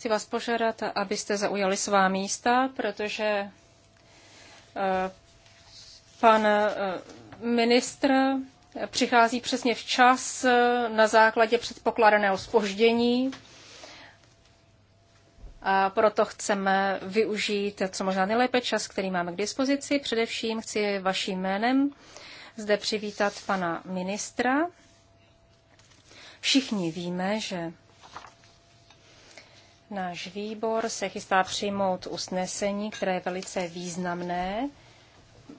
Chci vás požádat, abyste zaujali svá místa, protože eh, pan eh, ministr přichází přesně včas eh, na základě předpokládaného spoždění. A proto chceme využít co možná nejlépe čas, který máme k dispozici. Především chci vaším jménem zde přivítat pana ministra. Všichni víme, že Náš výbor se chystá přijmout usnesení, které je velice významné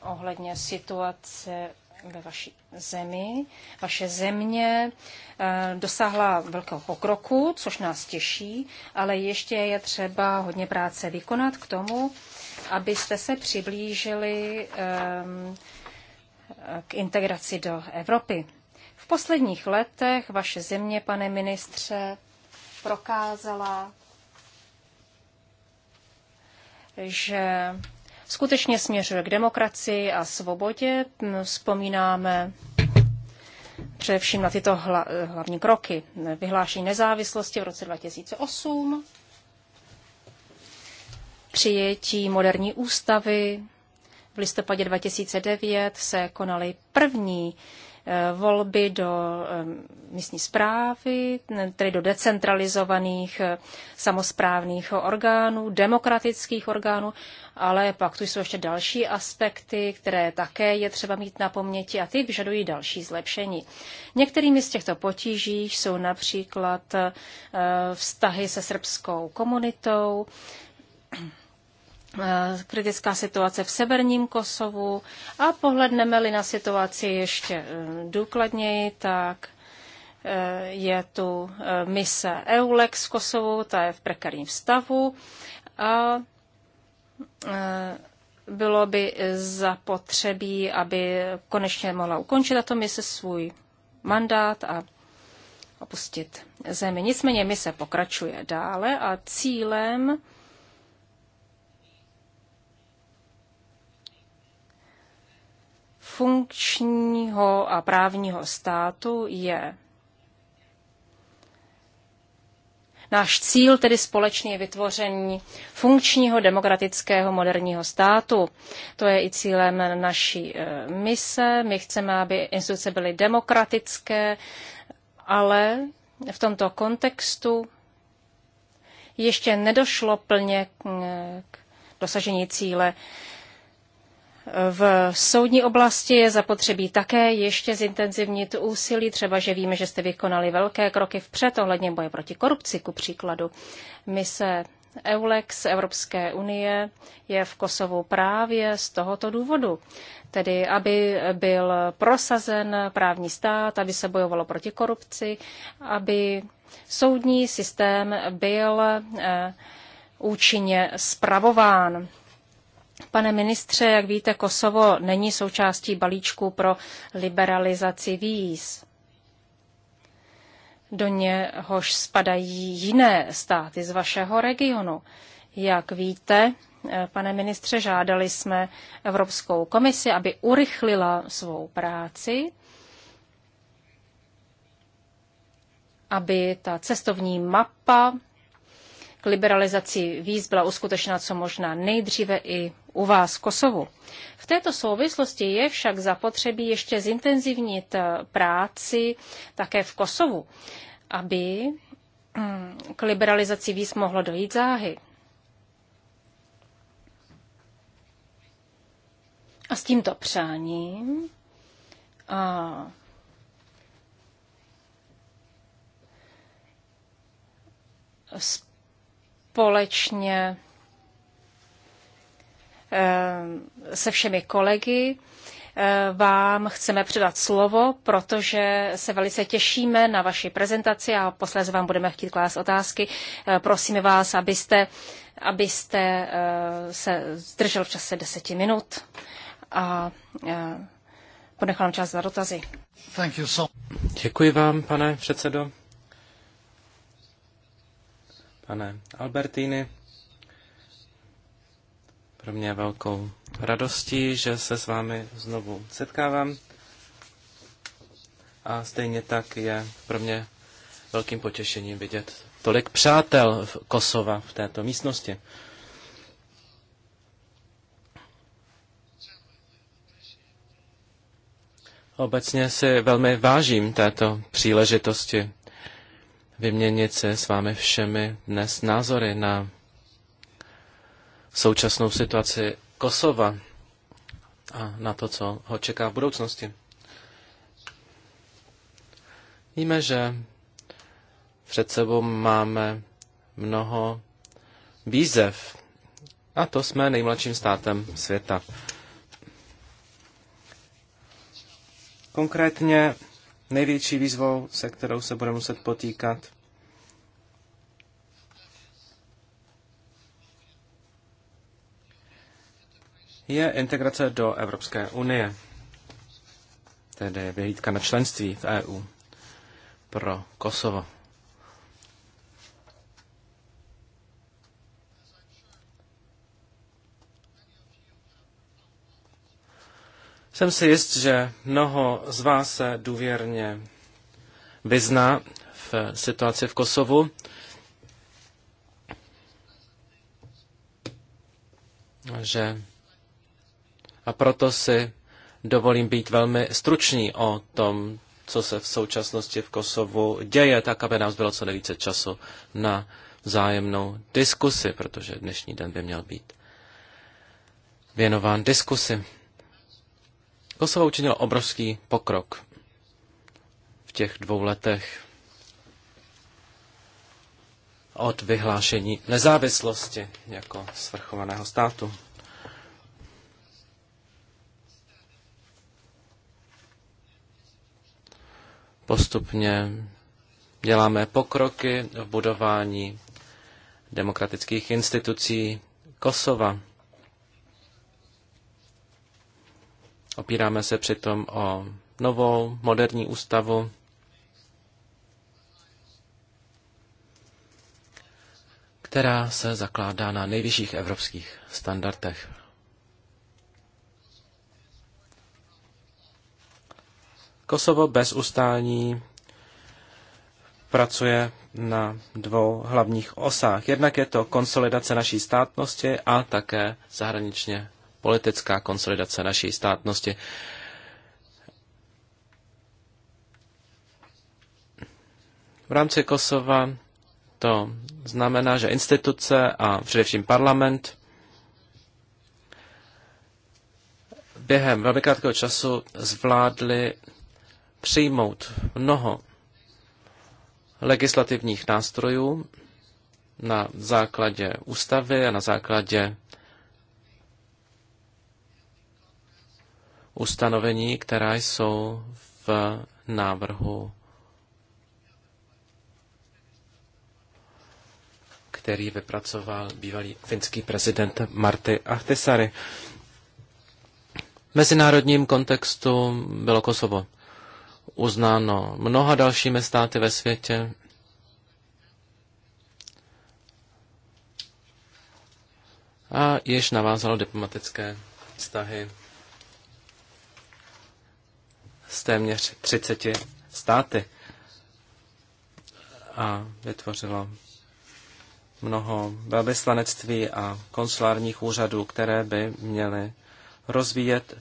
ohledně situace ve vaší zemi. Vaše země eh, dosáhla velkého pokroku, což nás těší, ale ještě je třeba hodně práce vykonat k tomu, abyste se přiblížili ehm, k integraci do Evropy. V posledních letech vaše země, pane ministře, prokázala že skutečně směřuje k demokracii a svobodě. Vzpomínáme především na tyto hla, hlavní kroky. Vyhlášení nezávislosti v roce 2008, přijetí moderní ústavy v listopadě 2009 se konaly první Eh, volby do eh, místní zprávy, tedy do decentralizovaných eh, samozprávných orgánů, demokratických orgánů, ale pak tu jsou ještě další aspekty, které také je třeba mít na paměti a ty vyžadují další zlepšení. Některými z těchto potíží jsou například vztahy se srbskou komunitou, Eh, kritická situace v severním Kosovu a pohledneme-li na situaci ještě eh, důkladněji, tak eh, je tu mise EULEX v Kosovu, ta je v prekarním stavu a bylo by zapotřebí, aby konečně mohla ukončit tato mise svůj mandát a opustit zemi. Nicméně mise pokračuje dále a cílem funkčního a právního státu je Náš cíl tedy společný je vytvoření funkčního demokratického moderního státu. To je i cílem naší e, mise. My chceme, aby instituce byly demokratické, ale v tomto kontextu ještě nedošlo plně k e, dosažení cíle v soudní oblasti je zapotřebí také ještě zintenzivnit úsilí, třeba že víme, že jste vykonali velké kroky vpřed ohledně boje proti korupci, ku příkladu. Mise EULEX Evropské unie je v Kosovu právě z tohoto důvodu, tedy aby byl prosazen právní stát, aby se bojovalo proti korupci, aby soudní systém byl eh, účinně spravován. Pane ministře, jak víte, Kosovo není součástí balíčku pro liberalizaci víz. Do něhož spadají jiné státy z vašeho regionu. Jak víte, pane ministře, žádali jsme Evropskou komisi, aby urychlila svou práci, aby ta cestovní mapa k liberalizaci víz byla uskutečněna co možná nejdříve i u vás v Kosovu. V této souvislosti je však zapotřebí ještě zintenzivnit eh, práci také v Kosovu, aby hm, k liberalizaci víc mohlo dojít záhy. A s tímto přáním a společně se všemi kolegy eh, vám chceme předat slovo, protože se velice těšíme na vaši prezentaci a posléze vám budeme chtít klást otázky. Eh, prosíme vás, abyste, abyste eh, se zdržel v čase deseti minut a ponechal nám čas na dotazy. Děkuji vám, pane předsedo. Pane Albertini, pro mě velkou radostí, že se s vámi znovu setkávám. A stejně tak je pro mě velkým potěšením vidět tolik přátel v Kosova v této místnosti. Obecně si velmi vážím této příležitosti vyměnit se s vámi všemi dnes názory na současnou situaci Kosova a na to, co ho čeká v budoucnosti. Víme, že před sebou máme mnoho výzev a to jsme nejmladším státem světa. Konkrétně největší výzvou, se kterou se bude muset potýkat, je integrace do Evropské unie, tedy vyhlídka na členství v EU pro Kosovo. Jsem si jist, že mnoho z vás se důvěrně vyzná v situaci v Kosovu. Že a proto si dovolím být velmi stručný o tom, co se v současnosti v Kosovu děje, tak aby nám zbylo co nejvíce času na zájemnou diskusi, protože dnešní den by měl být věnován diskusi. Kosovo učinilo obrovský pokrok v těch dvou letech od vyhlášení nezávislosti jako svrchovaného státu. Postupně děláme pokroky v budování demokratických institucí Kosova. Opíráme se přitom o novou moderní ústavu, která se zakládá na nejvyšších evropských standardech. Kosovo bez ustání pracuje na dvou hlavních osách. Jednak je to konsolidace naší státnosti a také zahraničně politická konsolidace naší státnosti. V rámci Kosova to znamená, že instituce a především parlament během velmi krátkého času zvládli přijmout mnoho legislativních nástrojů na základě ústavy a na základě ustanovení, která jsou v návrhu, který vypracoval bývalý finský prezident Marty Ahtisari. V mezinárodním kontextu bylo Kosovo uznáno mnoha dalšími státy ve světě. A již navázalo diplomatické vztahy s téměř 30 státy a vytvořilo mnoho velvyslanectví a konsulárních úřadů, které by měly rozvíjet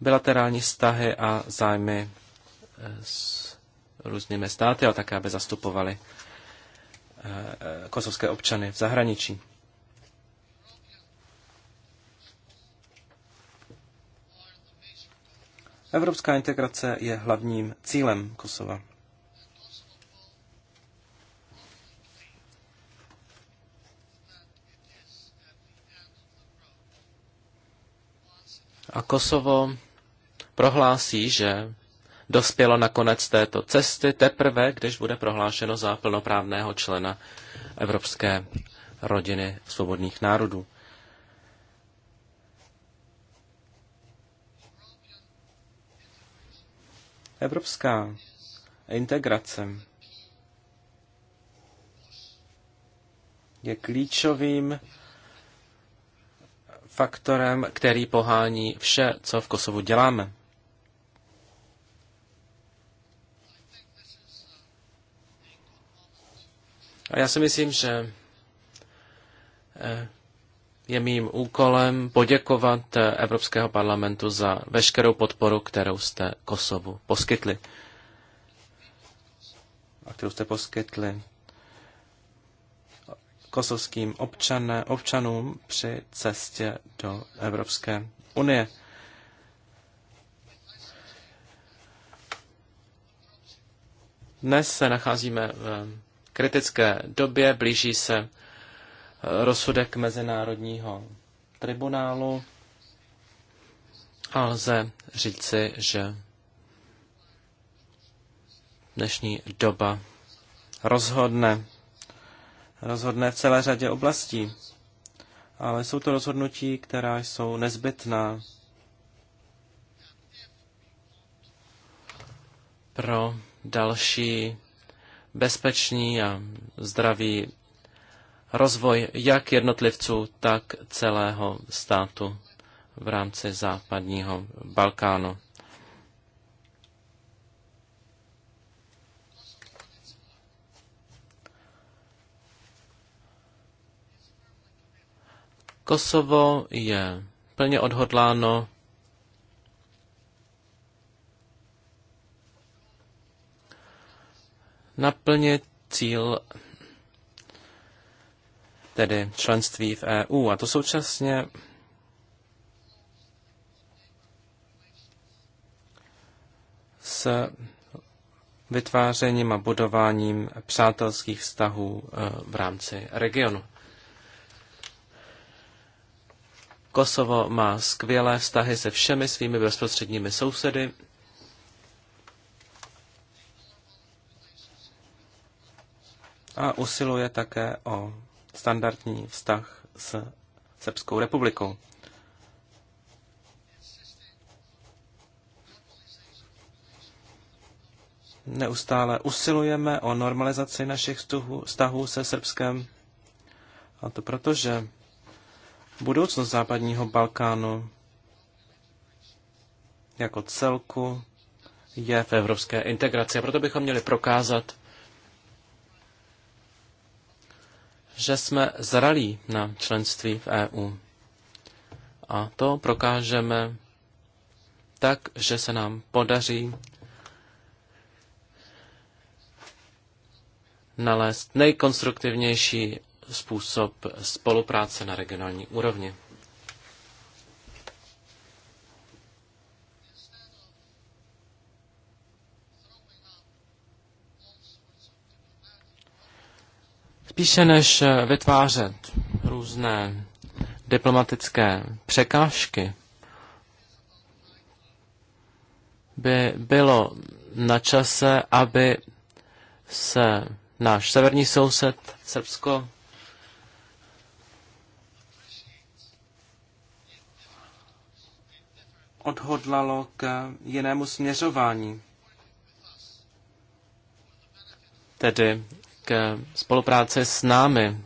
bilaterální vztahy a zájmy s různými státy, ale také, aby zastupovali eh, kosovské občany v zahraničí. Evropská integrace je hlavním cílem Kosova. A Kosovo prohlásí, že dospělo na konec této cesty teprve, když bude prohlášeno za plnoprávného člena Evropské rodiny svobodných národů. Evropská integrace je klíčovým faktorem, který pohání vše, co v Kosovu děláme. A já si myslím, že eh, je mým úkolem poděkovat eh, Evropského parlamentu za veškerou podporu, kterou jste Kosovu poskytli. A kterou jste poskytli kosovským občané, občanům při cestě do Evropské unie. Dnes se nacházíme v kritické době, blíží se eh, rozsudek Mezinárodního tribunálu a lze říci, že dnešní doba rozhodne. Rozhodne v celé řadě oblastí. Ale jsou to rozhodnutí, která jsou nezbytná pro další bezpečný a zdravý rozvoj jak jednotlivců, tak celého státu v rámci západního Balkánu. Kosovo je plně odhodláno naplnit cíl tedy členství v EU. A to současně s vytvářením a budováním přátelských vztahů e, v rámci regionu. Kosovo má skvělé vztahy se všemi svými bezprostředními sousedy, a usiluje také o standardní vztah s Srbskou republikou. Neustále usilujeme o normalizaci našich vztahů se Srbskem, a to proto, že budoucnost západního Balkánu jako celku je v evropské integraci. A proto bychom měli prokázat, že jsme zralí na členství v EU. A to prokážeme tak, že se nám podaří nalézt nejkonstruktivnější způsob spolupráce na regionální úrovni. Spíše než eh, vytvářet různé diplomatické překážky, by bylo na čase, aby se náš severní soused Srbsko odhodlalo k jinému směřování. Tedy k spolupráci s námi.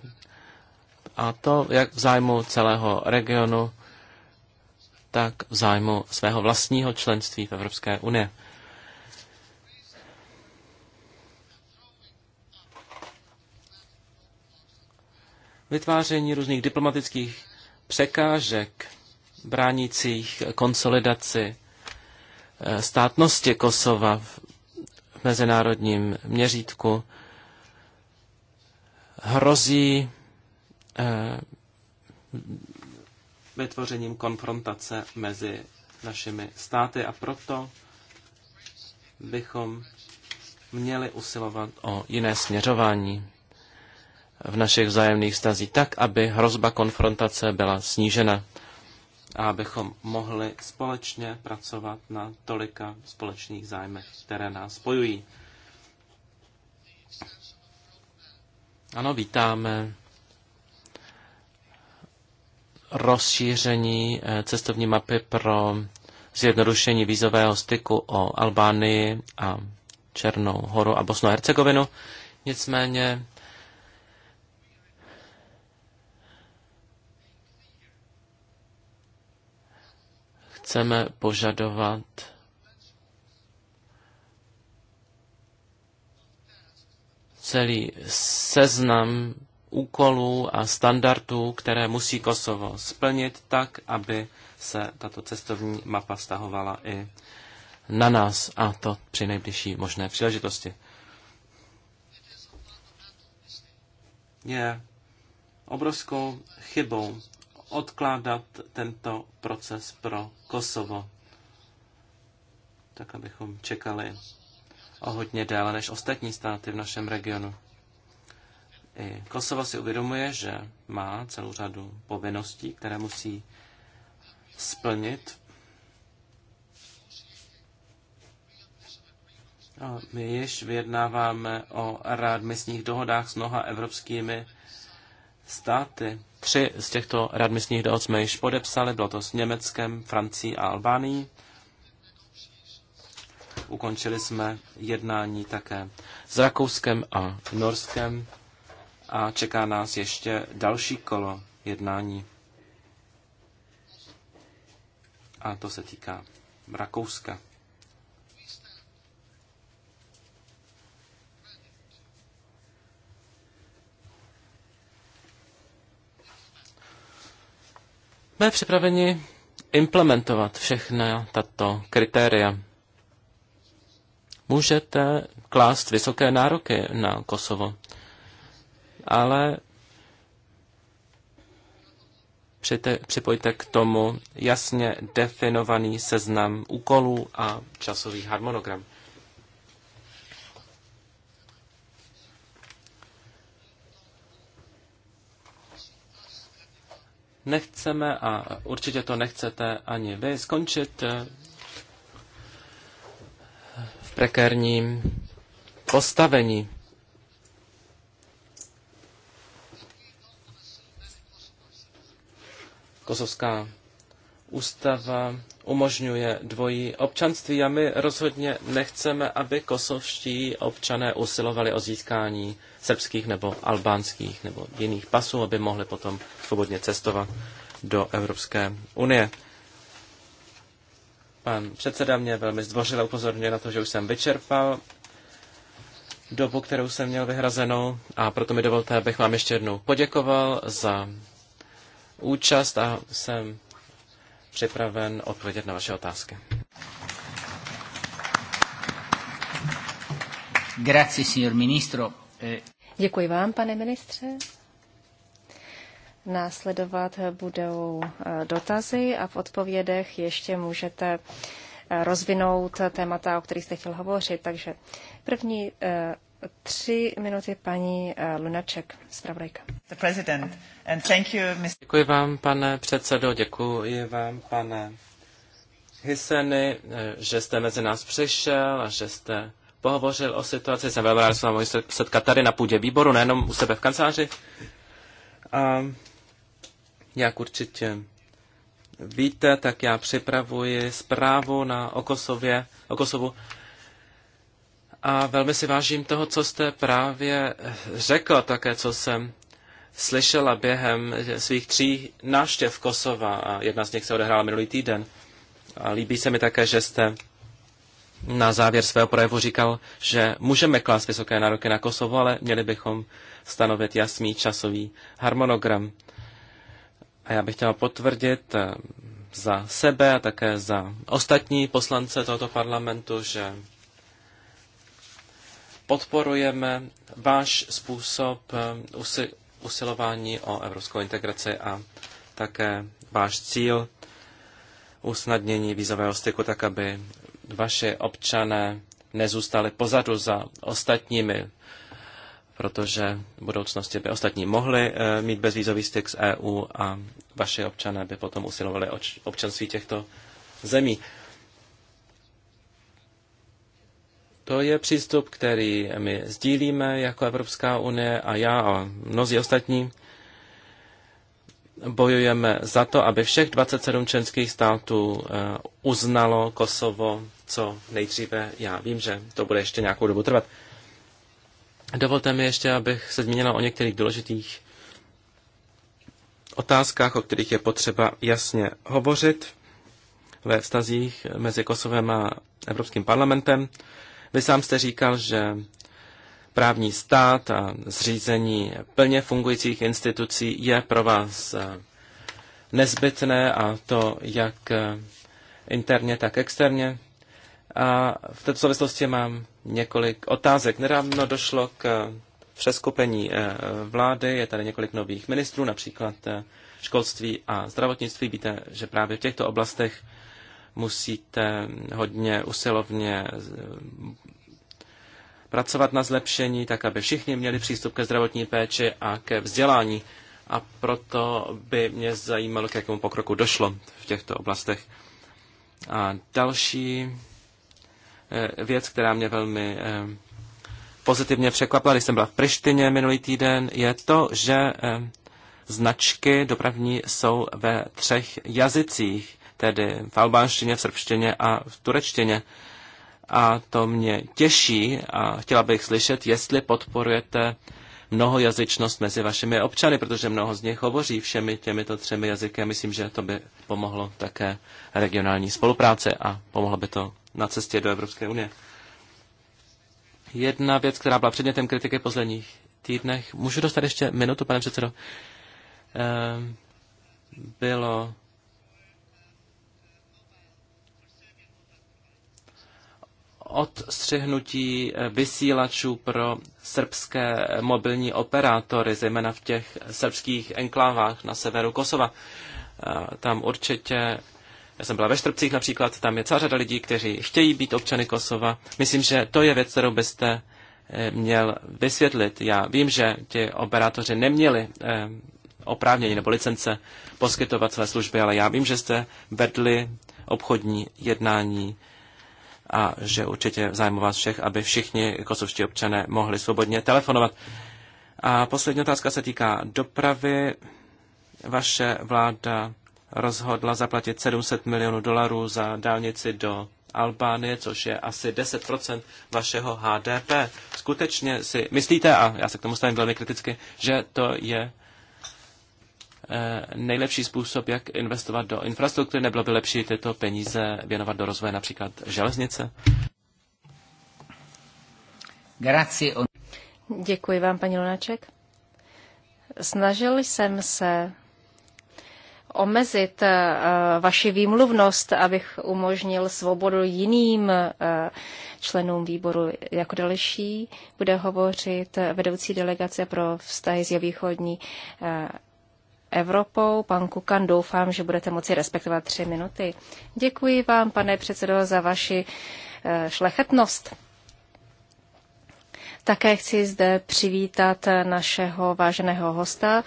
A to jak v zájmu celého regionu, tak v zájmu svého vlastního členství v Evropské unii. Vytváření různých diplomatických překážek bránících konsolidaci eh, státnosti Kosova v mezinárodním měřítku hrozí eh, vytvořením konfrontace mezi našimi státy a proto bychom měli usilovat o jiné směřování v našich vzájemných stazích tak, aby hrozba konfrontace byla snížena a abychom mohli společně pracovat na tolika společných zájmech, které nás spojují. Ano, vítáme rozšíření eh, cestovní mapy pro zjednodušení vízového styku o Albánii a Černou horu a Bosnu a Hercegovinu. Nicméně chceme požadovat celý seznam úkolů a standardů, které musí Kosovo splnit tak, aby se tato cestovní mapa stahovala i na nás a to při nejbližší možné příležitosti. Je obrovskou chybou odkládat tento proces pro Kosovo, tak abychom čekali o hodně déle než ostatní státy v našem regionu. I Kosovo si uvědomuje, že má celou řadu povinností, které musí splnit. A my již vyjednáváme o rádmisních dohodách s mnoha evropskými státy. Tři z těchto radmisních dohod jsme již podepsali, bylo to s Německem, Francií a Albánií. Ukončili jsme jednání také s Rakouskem a Norskem a čeká nás ještě další kolo jednání. A to se týká Rakouska. Jsme připraveni implementovat všechny tato kritéria můžete klást vysoké nároky na Kosovo. Ale připojte k tomu jasně definovaný seznam úkolů a časový harmonogram. Nechceme a určitě to nechcete ani vy skončit prekérním postavení. Kosovská ústava umožňuje dvojí občanství a my rozhodně nechceme, aby kosovští občané usilovali o získání srbských nebo albánských nebo jiných pasů, aby mohli potom svobodně cestovat do Evropské unie. Pan předseda mě velmi zdvořile upozorňuje na to, že už jsem vyčerpal dobu, kterou jsem měl vyhrazenou a proto mi dovolte, abych vám ještě jednou poděkoval za účast a jsem připraven odpovědět na vaše otázky. Grazie, signor ministro. Eh, Děkuji vám, pane ministře. Následovat budou eh, dotazy a v odpovědech ještě můžete eh, rozvinout témata, o kterých jste chtěl hovořit. Takže první eh, tři minuty paní Lunaček, zpravodajka. Děkuji vám, pane předsedo, děkuji vám, pane Hyseny, že jste mezi nás přišel a že jste pohovořil o situaci. Jsem velmi rád, že se setkat tady na půdě výboru, nejenom u sebe v kanceláři. Jak určitě víte, tak já připravuji zprávu na Okosově, Kosově, o Kosovu a velmi si vážím toho, co jste právě řekl, také co jsem slyšela během svých tří návštěv Kosova a jedna z nich se odehrála minulý týden. A líbí se mi také, že jste na závěr svého projevu říkal, že můžeme klást vysoké nároky na Kosovo, ale měli bychom stanovit jasný časový harmonogram a já bych chtěl potvrdit eh, za sebe a také za ostatní poslance tohoto parlamentu, že podporujeme váš způsob eh, usilování o evropskou integraci a také váš cíl usnadnění vízového styku, tak aby vaše občané nezůstali pozadu za ostatními protože v budoucnosti by ostatní mohli eh, mít bezvízový styk s EU a vaše občané by potom usilovali o občanství těchto zemí. To je přístup, který my sdílíme jako Evropská unie a já a mnozí ostatní bojujeme za to, aby všech 27 členských států eh, uznalo Kosovo co nejdříve. Já vím, že to bude ještě nějakou dobu trvat. Dovolte mi ještě, abych se zmínila o některých důležitých otázkách, o kterých je potřeba jasně hovořit ve vztazích mezi Kosovem a Evropským parlamentem. Vy sám jste říkal, že právní stát a zřízení plně fungujících institucí je pro vás nezbytné a to jak interně, tak externě. A v této souvislosti mám několik otázek. Nedávno došlo k přeskupení eh, vlády, je tady několik nových ministrů, například eh, školství a zdravotnictví. Víte, že právě v těchto oblastech musíte hodně usilovně eh, pracovat na zlepšení, tak aby všichni měli přístup ke zdravotní péči a ke vzdělání. A proto by mě zajímalo, k jakému pokroku došlo v těchto oblastech. A další Eh, věc, která mě velmi eh, pozitivně překvapila, když jsem byla v Prištině minulý týden, je to, že eh, značky dopravní jsou ve třech jazycích, tedy v albánštině, v srbštině a v turečtině. A to mě těší a chtěla bych slyšet, jestli podporujete mnohojazyčnost mezi vašimi občany, protože mnoho z nich hovoří všemi těmito třemi jazyky myslím, že to by pomohlo také regionální spolupráce a pomohlo by to na cestě do Evropské unie. Jedna věc, která byla předmětem kritiky v posledních týdnech, můžu dostat ještě minutu, pane předsedo, ehm, bylo odstřihnutí eh, vysílačů pro srbské mobilní operátory, zejména v těch srbských enklávách na severu Kosova. Eh, tam určitě, já jsem byla ve Štrbcích například, tam je celá řada lidí, kteří chtějí být občany Kosova. Myslím, že to je věc, kterou byste eh, měl vysvětlit. Já vím, že ti operátoři neměli oprávnění nebo licence poskytovat své služby, ale já vím, že jste vedli obchodní jednání a že určitě v zájmu vás všech, aby všichni kosovští občané mohli svobodně telefonovat. A poslední otázka se týká dopravy. Vaše vláda rozhodla zaplatit 700 milionů dolarů za dálnici do Albánie, což je asi 10% vašeho HDP. Skutečně si myslíte, a já se k tomu stavím velmi kriticky, že to je Eh, nejlepší způsob, jak investovat do infrastruktury, nebylo by lepší tyto peníze věnovat do rozvoje například železnice? Děkuji vám, paní Lunaček. Snažil jsem se omezit eh, vaši výmluvnost, abych umožnil svobodu jiným eh, členům výboru. Jako další bude hovořit vedoucí delegace pro vztahy z Jevýchodní Evropou. Pan Kukan, doufám, že budete moci respektovat tři minuty. Děkuji vám, pane předsedo, za vaši eh, šlechetnost. Také chci zde přivítat našeho váženého hosta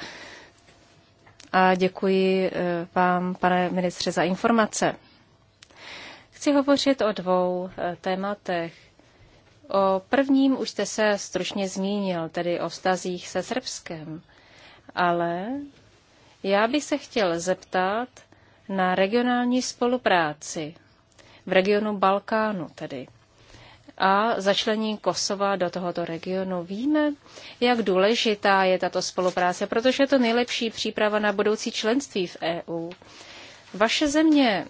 a děkuji eh, vám, pane ministře, za informace. Chci hovořit o dvou eh, tématech. O prvním už jste se stručně zmínil, tedy o vztazích se Srbskem, ale já bych se chtěl zeptat na regionální spolupráci v regionu Balkánu tedy a začlení Kosova do tohoto regionu. Víme, jak důležitá je tato spolupráce, protože je to nejlepší příprava na budoucí členství v EU. Vaše země,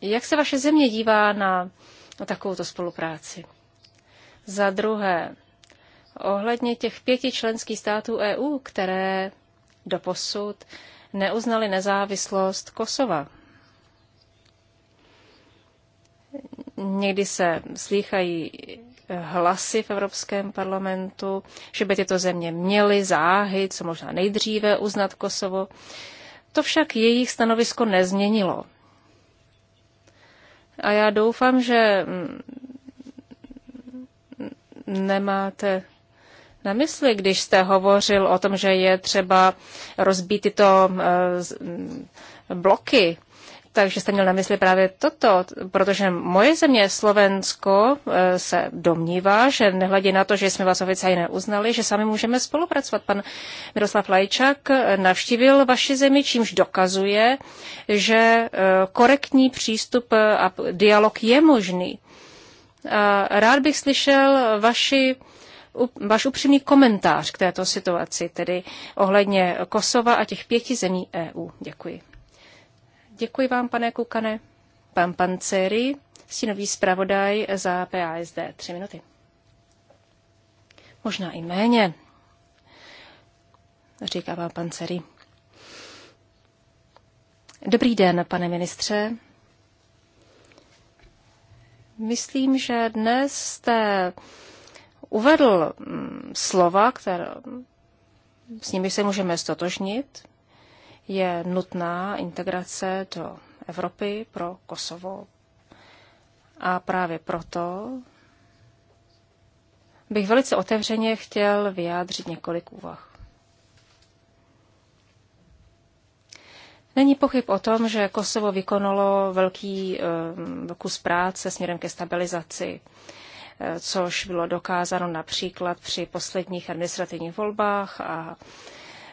jak se vaše země dívá na takovouto spolupráci? Za druhé, ohledně těch pěti členských států EU, které doposud neuznali nezávislost Kosova. Někdy se slýchají hlasy v Evropském parlamentu, že by tyto země měly záhy, co možná nejdříve uznat Kosovo. To však jejich stanovisko nezměnilo. A já doufám, že mm, nemáte na mysli, když jste hovořil o tom, že je třeba rozbít tyto eh, mm, bloky. Takže jste měl na mysli právě toto, protože moje země Slovensko eh, se domnívá, že nehledě na to, že jsme vás oficiálně neuznali, že sami můžeme spolupracovat. Pan Miroslav Lajčák eh, navštívil vaši zemi, čímž dokazuje, že korektní přístup a dialog je možný. Rád bych slyšel vaši váš upřímný komentář k této situaci, tedy ohledně Kosova a těch pěti zemí EU. Děkuji. Děkuji vám, pane Kukane. Pan Panceri, stínový zpravodaj za PASD. Tři minuty. Možná i méně, říká vám Panceri. Dobrý den, pane ministře. Myslím, že dnes jste uvedl mm, slova, které, s nimi se můžeme stotožnit. Je nutná integrace do Evropy pro Kosovo. A právě proto bych velice otevřeně chtěl vyjádřit několik úvah. Není pochyb o tom, že Kosovo vykonalo velký eh, kus práce směrem ke stabilizaci což bylo dokázáno například při posledních administrativních volbách a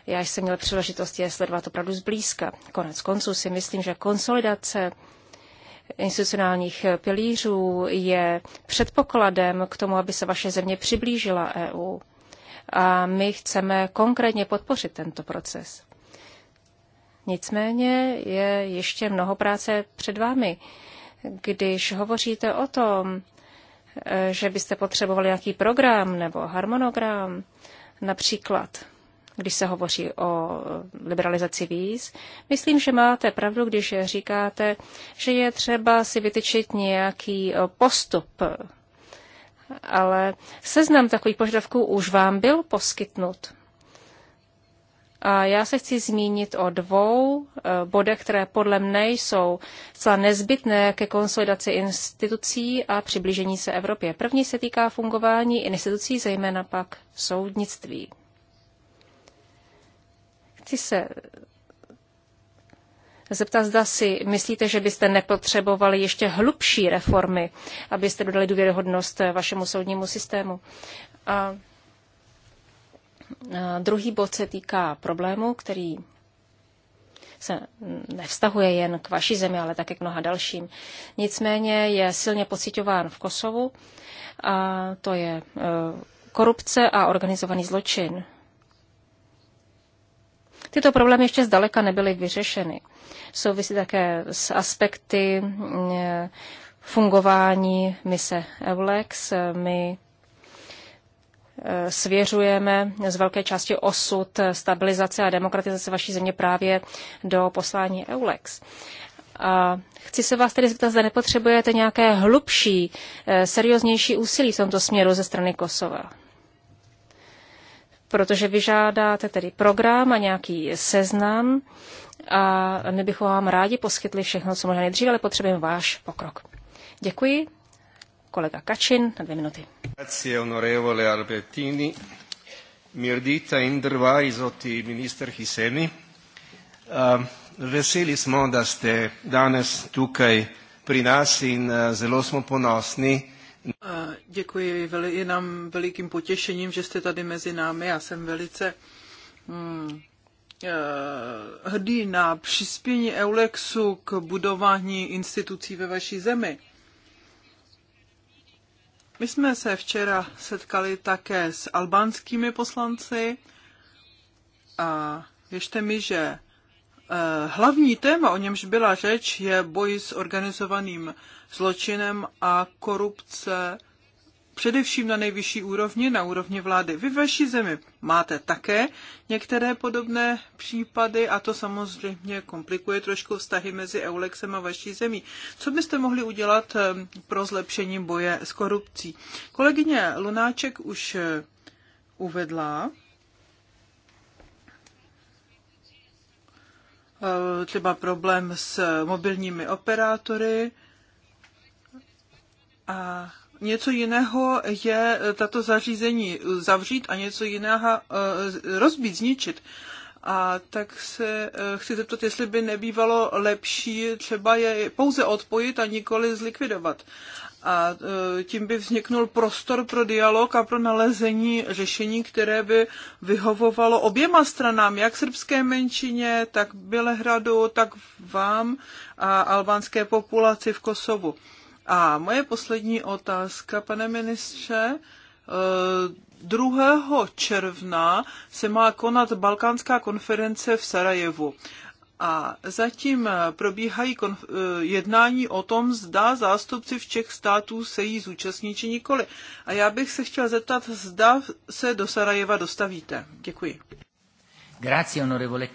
já jsem měl příležitost je sledovat opravdu zblízka. Konec konců si myslím, že konsolidace institucionálních pilířů je předpokladem k tomu, aby se vaše země přiblížila EU. A my chceme konkrétně podpořit tento proces. Nicméně je ještě mnoho práce před vámi. Když hovoříte o tom, Eh, že byste potřebovali nějaký program nebo harmonogram, například když se hovoří o eh, liberalizaci víz. Myslím, že máte pravdu, když říkáte, že je třeba si vytyčit nějaký eh, postup, ale seznam takových požadavků už vám byl poskytnut. A já se chci zmínit o dvou eh, bodech, které podle mne jsou zcela nezbytné ke konsolidaci institucí a přiblížení se Evropě. První se týká fungování institucí, zejména pak soudnictví. Chci se zeptat, zda si myslíte, že byste nepotřebovali ještě hlubší reformy, abyste dodali důvěryhodnost eh, vašemu soudnímu systému. A Druhý bod se týká problému, který se nevztahuje jen k vaší zemi, ale také k mnoha dalším. Nicméně je silně pocitován v Kosovu a to je e, korupce a organizovaný zločin. Tyto problémy ještě zdaleka nebyly vyřešeny. Souvisí také s aspekty e, fungování mise EULEX. E, my Eh, svěřujeme z velké části osud stabilizace a demokratizace vaší země právě do poslání EULEX. A chci se vás tedy zeptat, zda nepotřebujete nějaké hlubší, eh, serióznější úsilí v tomto směru ze strany Kosova. Protože vyžádáte tedy program a nějaký seznam a my bychom vám rádi poskytli všechno, co možná nejdříve, ale potřebujeme váš pokrok. Děkuji kolega Kačin na dvě minuty. Grazie, onorevole Albertini. Mirdita Indrvajzoti, minister Hiseni. Um, veseli smo, da ste danes tukaj pri nas in uh, zelo jsme ponosní. Děkuji, je nám velikým potěšením, že jste tady mezi námi. Já jsem velice hmm, eh, hrdý na přispění Eulexu k budování institucí ve vaší zemi. My jsme se včera setkali také s albánskými poslanci a věřte mi, že eh, hlavní téma, o němž byla řeč, je boj s organizovaným zločinem a korupce především na nejvyšší úrovni, na úrovni vlády. Vy vaší zemi máte také některé podobné případy a to samozřejmě komplikuje trošku vztahy mezi Eulexem a vaší zemí. Co byste mohli udělat eh, pro zlepšení boje s korupcí? Kolegyně Lunáček už eh, uvedla, eh, třeba problém s mobilními operátory a Něco jiného je eh, tato zařízení zavřít a něco jiného eh, rozbít, zničit. A tak se eh, chci zeptat, jestli by nebývalo lepší třeba je pouze odpojit a nikoli zlikvidovat. A tím by vzniknul prostor pro dialog a pro nalezení řešení, které by vyhovovalo oběma stranám, jak srbské menšině, tak Bělehradu, tak vám a albánské populaci v Kosovu. A moje poslední otázka, pane ministře, 2. E, června se má konat Balkánská konference v Sarajevu. A zatím probíhají e, jednání o tom, zda zástupci Čech států se jí zúčastní či nikoli. A já bych se chtěl zeptat, zda se do Sarajeva dostavíte. Děkuji. Grazie, onorevole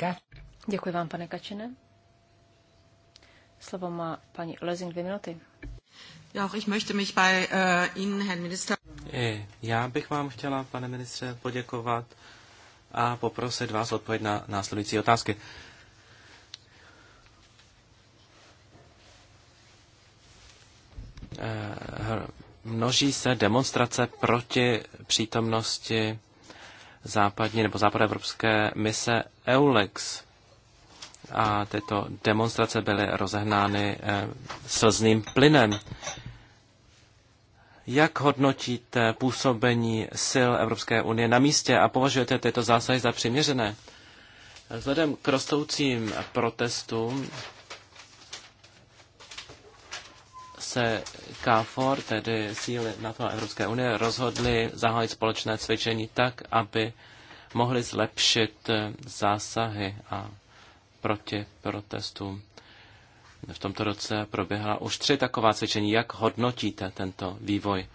Děkuji vám, pane Kačene. Slovo má paní Lezing dvě minuty. Já bych möchte mich bei uh, Ihnen, Herr Minister. I já bych vám chtěla, pane ministře, poděkovat a poprosit vás odpověď na následující otázky. Eh, množí se demonstrace proti přítomnosti západní nebo západoevropské mise EULEX. A tyto demonstrace byly rozehnány eh, slzným plynem. Jak hodnotíte působení sil Evropské unie na místě a považujete tyto zásahy za přiměřené? Vzhledem k rostoucím protestům se KFOR, tedy síly NATO a Evropské unie, rozhodly zahájit společné cvičení tak, aby mohli zlepšit zásahy a proti protestům v tomto roce proběhla už tři taková cvičení. Jak hodnotíte tento vývoj?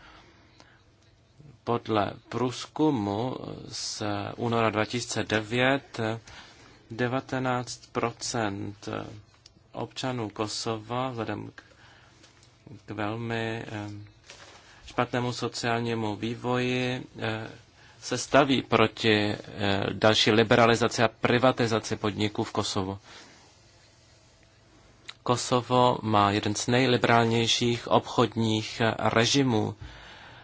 Podle průzkumu z února 2009 19 občanů Kosova vzhledem k velmi eh, špatnému sociálnímu vývoji eh, se staví proti eh, další liberalizaci a privatizaci podniků v Kosovu. Kosovo má jeden z nejliberálnějších obchodních režimů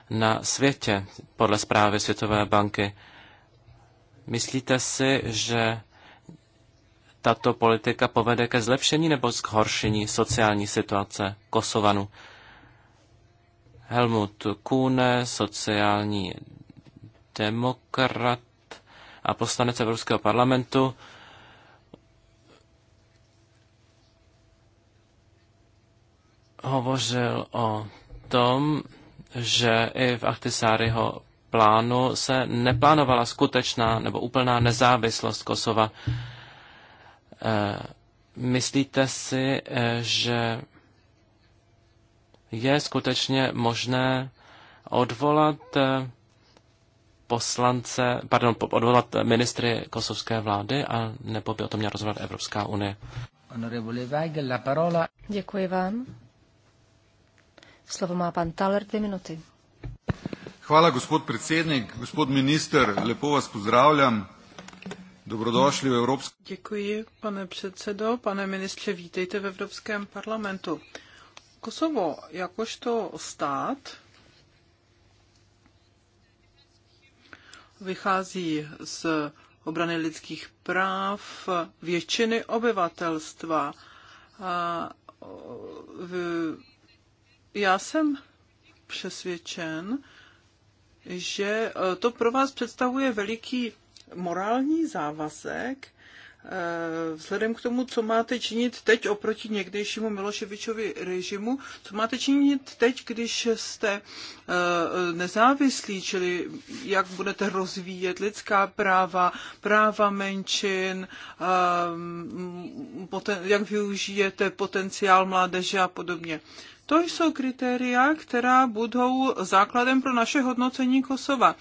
na světě, podle zprávy Světové banky. Myslíte si, že tato politika povede ke zlepšení nebo k zhoršení sociální situace Kosovanů? Helmut Kune, sociální demokrat a poslanec Evropského parlamentu, hovořil o tom, že i v Achtisáriho plánu se neplánovala skutečná nebo úplná nezávislost Kosova. Eh, myslíte si, eh, že je skutečně možné odvolat eh, poslance, pardon, odvolat ministry kosovské vlády a nebo by o tom měla rozhodovat Evropská unie? Děkuji vám. Slovo má pan Taler, dvě minuty. Hvala, gospod predsednik, gospod minister, lepo vás pozdravljam. Dobrodošli v Evropskem... Děkuji, pane předsedo, pane ministře, vítejte v Evropském parlamentu. Kosovo jakožto stát vychází z obrany lidských práv většiny obyvatelstva. A v já jsem přesvědčen, že eh, to pro vás představuje veliký morální závazek, eh, vzhledem k tomu, co máte činit teď oproti někdejšímu Miloševičovi režimu, co máte činit teď, když jste eh, nezávislí, čili jak budete rozvíjet lidská práva, práva menšin, jak využijete potenciál mládeže a podobně. To jsou kritéria, která budou základem pro naše hodnocení Kosova.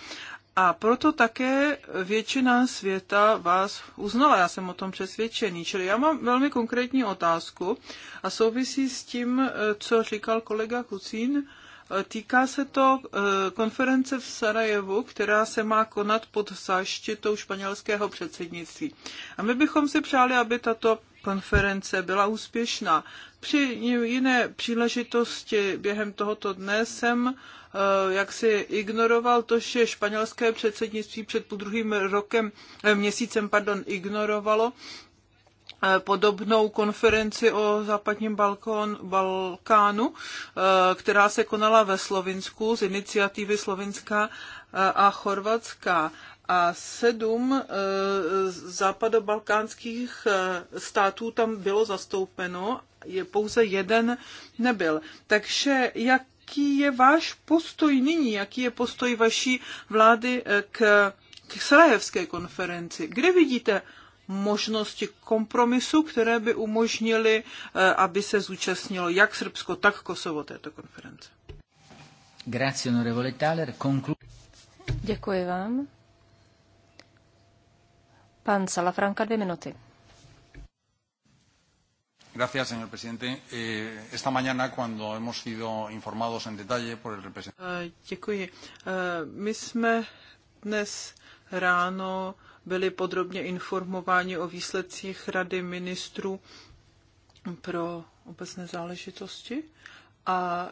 A proto také většina světa vás uznala, já jsem o tom přesvědčený. Čili já mám velmi konkrétní otázku a souvisí s tím, eh, co říkal kolega Kucín. Eh, Týká se to eh, konference v Sarajevu, která se má konat pod záštitou španělského předsednictví. A my bychom si přáli, aby tato konference byla úspěšná. Při jiné příležitosti během tohoto dne jsem eh, jak si ignoroval to, že španělské předsednictví před půl druhým rokem, eh, měsícem, pardon, ignorovalo eh, podobnou konferenci o západním Balkon, Balkánu, která se konala ve Slovinsku z iniciativy Slovinska a Chorvatska a sedm západobalkánských států tam bylo zastoupeno je pouze jeden nebyl. Takže jaký je váš postoj nyní, jaký je postoj vaší vlády eh, k, k Sarajevské konferenci? Kde vidíte možnosti kompromisu, které by umožnily, eh, aby se zúčastnilo jak Srbsko, tak Kosovo této konference? Grazie, onorevole Thaler. Conclu- Děkuji vám. Pan Salafranka, dvě minuty. Gracias, señor presidente. Eh, esta mañana, cuando hemos sido informados en detalle por el representante. Eh, děkuji. Eh, my jsme dnes ráno byli podrobně informováni o výsledcích Rady ministrů pro obecné záležitosti a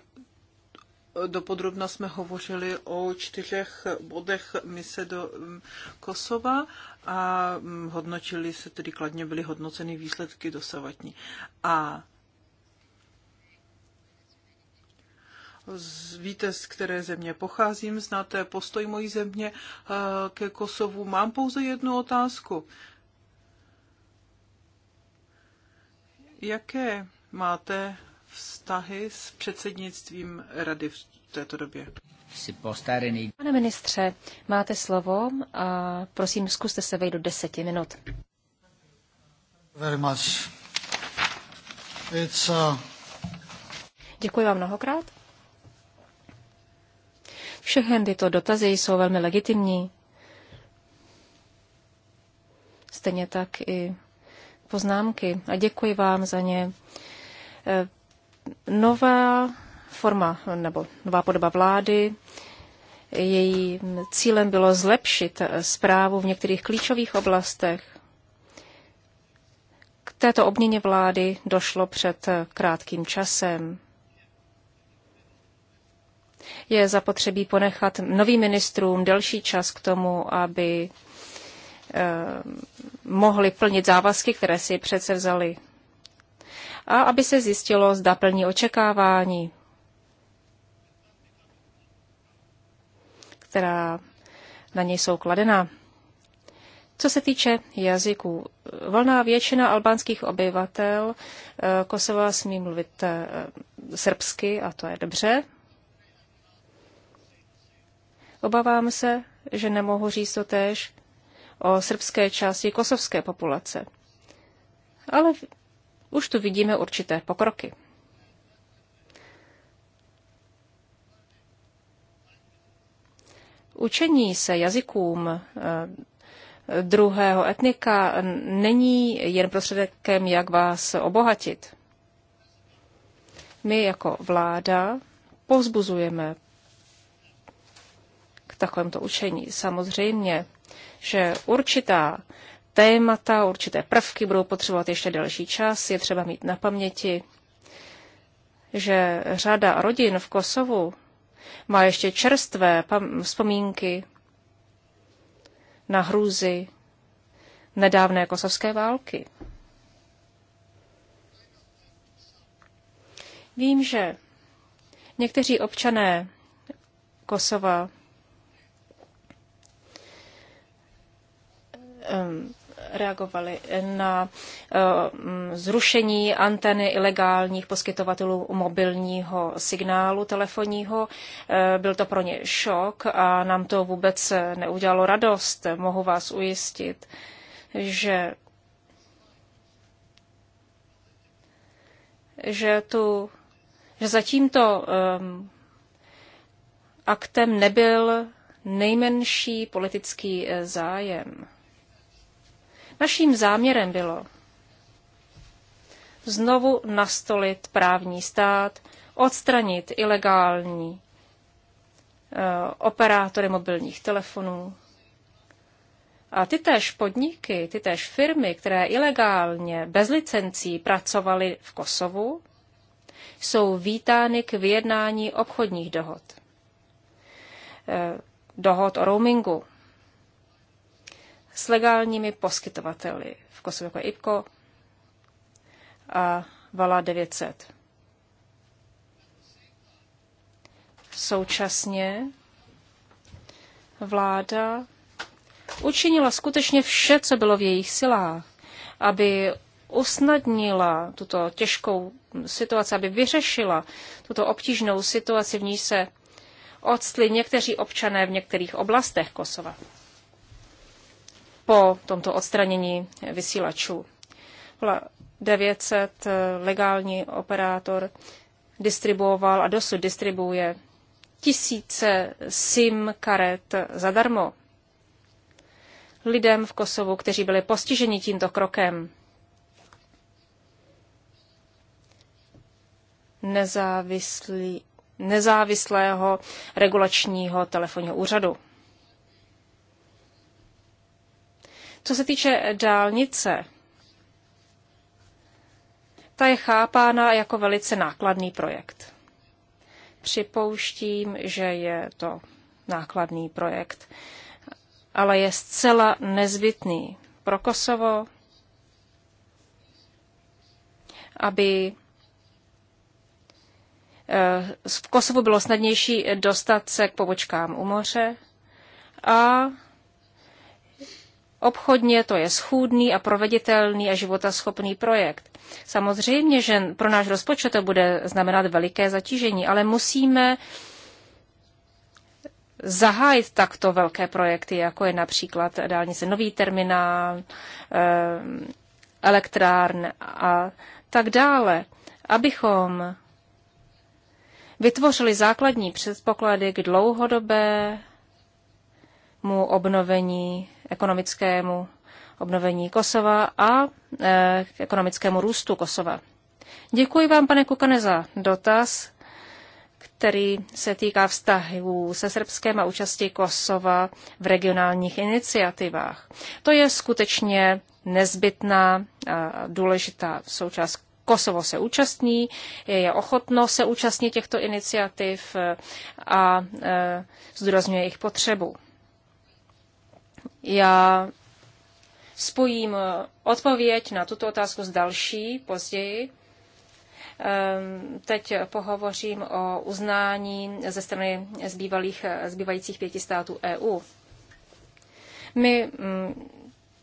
dopodrobna jsme hovořili o čtyřech bodech mise do mm, Kosova a mm, hodnotili se, tedy kladně byly hodnoceny výsledky dosavatní. A víte, z které země pocházím, znáte postoj mojí země eh, ke Kosovu. Mám pouze jednu otázku. Jaké máte vztahy s předsednictvím rady v této době. Pane ministře, máte slovo a prosím, zkuste se vejít do deseti minut. Very much. It's, uh... Děkuji vám mnohokrát. Všechny tyto dotazy jsou velmi legitimní. Stejně tak i poznámky a děkuji vám za ně. Eh, Nová forma nebo nová podoba vlády, její cílem bylo zlepšit zprávu v některých klíčových oblastech. K této obměně vlády došlo před krátkým časem. Je zapotřebí ponechat novým ministrům delší čas k tomu, aby eh, mohli plnit závazky, které si přece vzali a aby se zjistilo, zda plní očekávání, která na něj jsou kladena. Co se týče jazyků, volná většina albánských obyvatel eh, Kosova smí mluvit eh, srbsky a to je dobře. Obávám se, že nemohu říct to též o srbské části kosovské populace. Ale už tu vidíme určité pokroky. Učení se jazykům eh, druhého etnika není jen prostředkem, jak vás obohatit. My jako vláda povzbuzujeme k takovémto učení. Samozřejmě, že určitá témata, určité prvky budou potřebovat ještě delší čas. Je třeba mít na paměti, že řada rodin v Kosovu má ještě čerstvé vzpomínky na hrůzy nedávné kosovské války. Vím, že někteří občané Kosova reagovali na eh, mm, zrušení anteny ilegálních poskytovatelů mobilního signálu telefonního. Eh, byl to pro ně šok a nám to vůbec neudělalo radost. Mohu vás ujistit, že že tu že za tímto um, aktem nebyl nejmenší politický eh, zájem. Naším záměrem bylo znovu nastolit právní stát, odstranit ilegální eh, operátory mobilních telefonů. A ty též podniky, ty též firmy, které ilegálně, bez licencí pracovaly v Kosovu, jsou vítány k vyjednání obchodních dohod. Eh, dohod o roamingu s legálními poskytovateli v Kosovu jako IPCO a Vala 900. Současně vláda učinila skutečně vše, co bylo v jejich silách, aby usnadnila tuto těžkou situaci, aby vyřešila tuto obtížnou situaci, v níž se odstli někteří občané v některých oblastech Kosova po tomto odstranění vysílačů. 900 eh, legální operátor distribuoval a dosud distribuuje tisíce SIM karet zadarmo lidem v Kosovu, kteří byli postiženi tímto krokem. Nezávislý, nezávislého regulačního telefonního úřadu. Co se týče dálnice, ta je chápána jako velice nákladný projekt. Připouštím, že je to nákladný projekt, ale je zcela nezbytný pro Kosovo, aby eh, v Kosovu bylo snadnější dostat se k pobočkám u moře a Obchodně to je schůdný a proveditelný a životaschopný projekt. Samozřejmě, že pro náš rozpočet to bude znamenat veliké zatížení, ale musíme zahájit takto velké projekty, jako je například dálnice Nový terminál, eh, elektrárn a tak dále, abychom vytvořili základní předpoklady k dlouhodobému obnovení ekonomickému obnovení Kosova a eh, k ekonomickému růstu Kosova. Děkuji vám, pane Kukane, za dotaz, který se týká vztahů se Srbskem a účasti Kosova v regionálních iniciativách. To je skutečně nezbytná a důležitá součást. Kosovo se účastní, je ochotno se účastnit těchto iniciativ eh, a eh, zdůrazňuje jejich potřebu. Já spojím eh, odpověď na tuto otázku s další později. Ehm, teď pohovořím o uznání ze strany zbývalých, eh, zbývajících pěti států EU. My mm,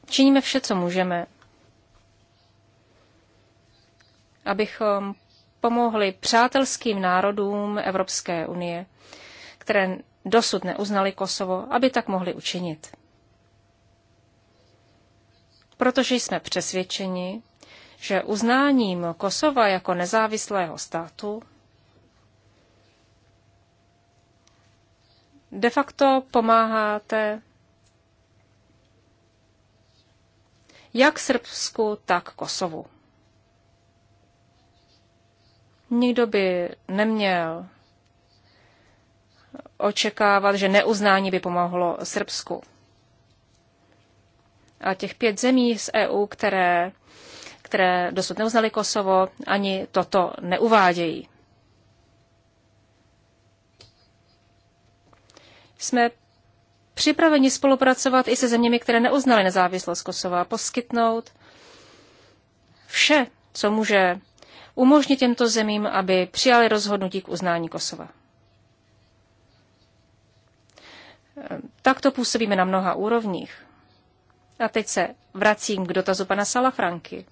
činíme vše, co můžeme, abychom pomohli přátelským národům Evropské unie, které dosud neuznali Kosovo, aby tak mohli učinit protože jsme přesvědčeni, že uznáním Kosova jako nezávislého státu de facto pomáháte jak Srbsku, tak Kosovu. Nikdo by neměl očekávat, že neuznání by pomohlo Srbsku. A těch pět zemí z EU, které, které dosud neuznali Kosovo, ani toto neuvádějí. Jsme připraveni spolupracovat i se zeměmi, které neuznaly nezávislost Kosova, poskytnout vše, co může umožnit těmto zemím, aby přijali rozhodnutí k uznání Kosova. Ehm, Takto působíme na mnoha úrovních. A teď se vracím k dotazu pana Salafranky.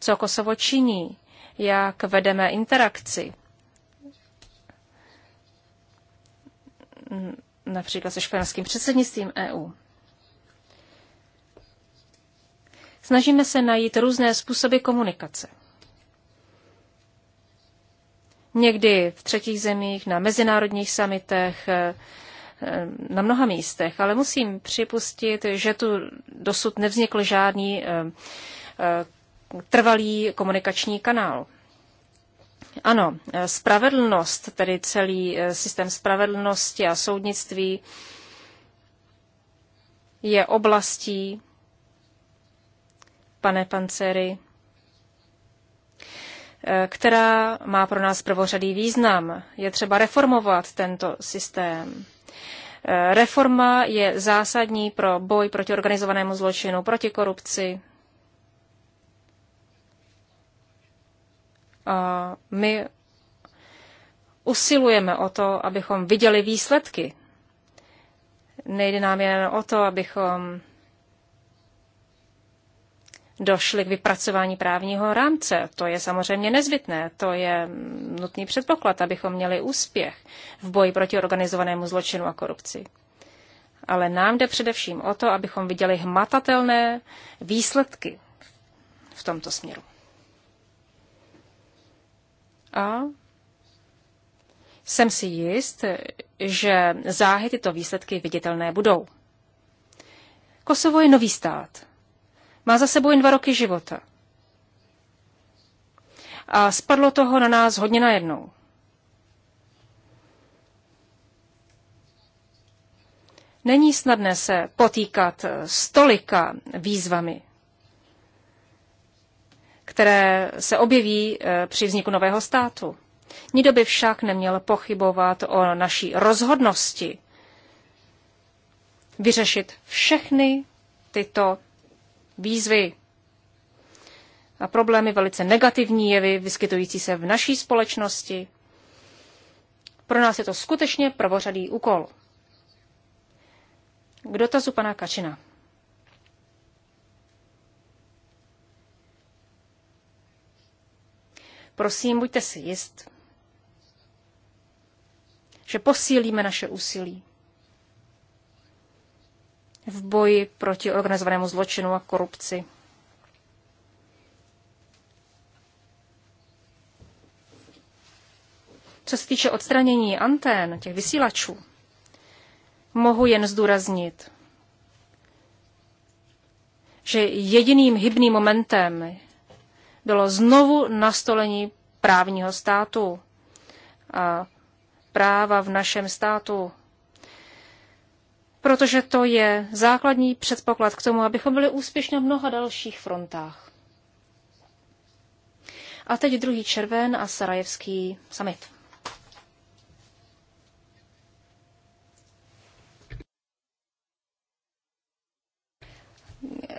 Co Kosovo činí? Jak vedeme interakci? Například se španělským předsednictvím EU. Snažíme se najít různé způsoby komunikace. Někdy v třetích zemích, na mezinárodních samitech, Eh, na mnoha místech, ale musím připustit, že tu dosud nevznikl žádný eh, eh, trvalý komunikační kanál. Ano, spravedlnost, tedy celý systém spravedlnosti a soudnictví je oblastí, pane Pancery, která má pro nás prvořadý význam. Je třeba reformovat tento systém. Reforma je zásadní pro boj proti organizovanému zločinu, proti korupci. A my usilujeme o to, abychom viděli výsledky. Nejde nám jen o to, abychom došli k vypracování právního rámce. To je samozřejmě nezbytné, to je nutný předpoklad, abychom měli úspěch v boji proti organizovanému zločinu a korupci. Ale nám jde především o to, abychom viděli hmatatelné výsledky v tomto směru. A jsem si jist, že záhy tyto výsledky viditelné budou. Kosovo je nový stát. Má za sebou jen dva roky života. A spadlo toho na nás hodně najednou. Není snadné se potýkat s tolika výzvami, které se objeví eh, při vzniku nového státu. Nikdo by však neměl pochybovat o naší rozhodnosti vyřešit všechny tyto výzvy a problémy, velice negativní jevy, vyskytující se v naší společnosti. Pro nás je to skutečně prvořadý úkol. K dotazu pana Kačina. Prosím, buďte si jist, že posílíme naše úsilí v boji proti organizovanému zločinu a korupci. Co se týče odstranění antén, těch vysílačů, mohu jen zdůraznit, že jediným hybným momentem bylo znovu nastolení právního státu a práva v našem státu protože to je základní předpoklad k tomu, abychom byli úspěšní na mnoha dalších frontách. A teď druhý červen a Sarajevský summit.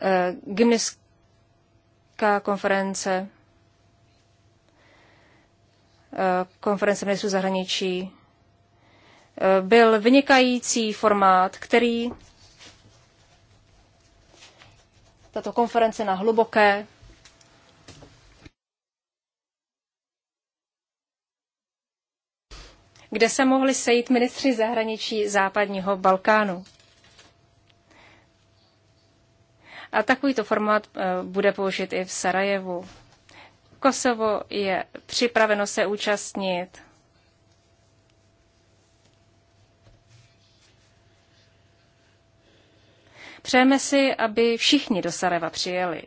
Eh, Gymnická konference, eh, konference ministrů zahraničí byl vynikající formát, který tato konference na hluboké kde se mohli sejít ministři zahraničí západního Balkánu. A takovýto formát eh, bude použit i v Sarajevu. Kosovo je připraveno se účastnit Přejeme si, aby všichni do Sarajeva přijeli.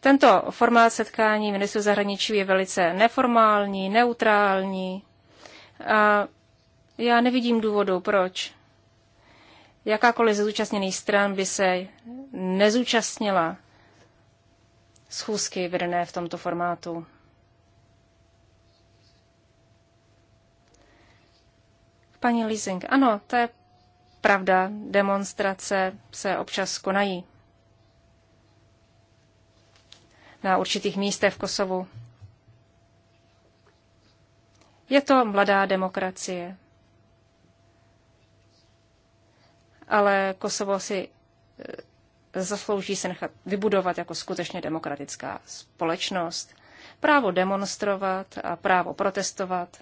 Tento formát setkání ministrů zahraničí je velice neformální, neutrální. A já nevidím důvodu, proč jakákoliv ze zúčastněných stran by se nezúčastnila schůzky vedené v tomto formátu. Paní Lising. ano, to je pravda, demonstrace se občas konají. Na určitých místech v Kosovu. Je to mladá demokracie. Ale Kosovo si e, zaslouží se nechat vybudovat jako skutečně demokratická společnost. Právo demonstrovat a právo protestovat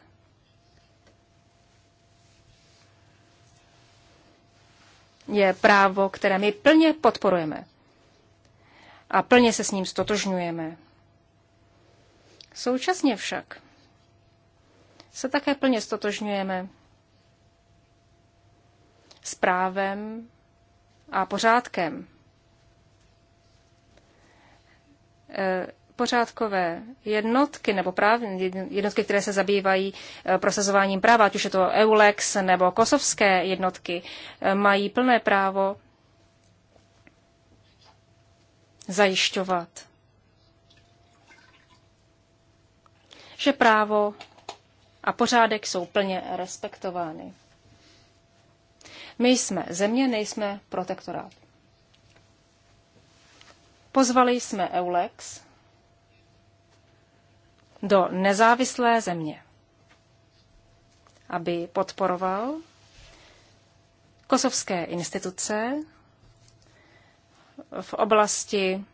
je právo, které my plně podporujeme a plně se s ním stotožňujeme. Současně však se také plně stotožňujeme s právem a pořádkem, e, pořádkové jednotky nebo práv, jednotky, které se zabývají eh, prosazováním práva, ať už je to EULEX nebo kosovské jednotky, eh, mají plné právo zajišťovat, že právo a pořádek jsou plně respektovány. My jsme země, nejsme protektorát. Pozvali jsme EULEX, do nezávislé země, aby podporoval kosovské instituce v oblasti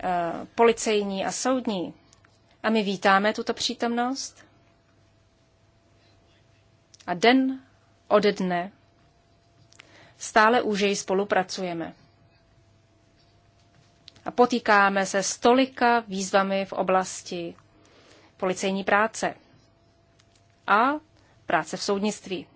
eh, policejní a soudní. A my vítáme tuto přítomnost. A den ode dne stále úžeji spolupracujeme a potýkáme se s tolika výzvami v oblasti policejní práce a práce v soudnictví.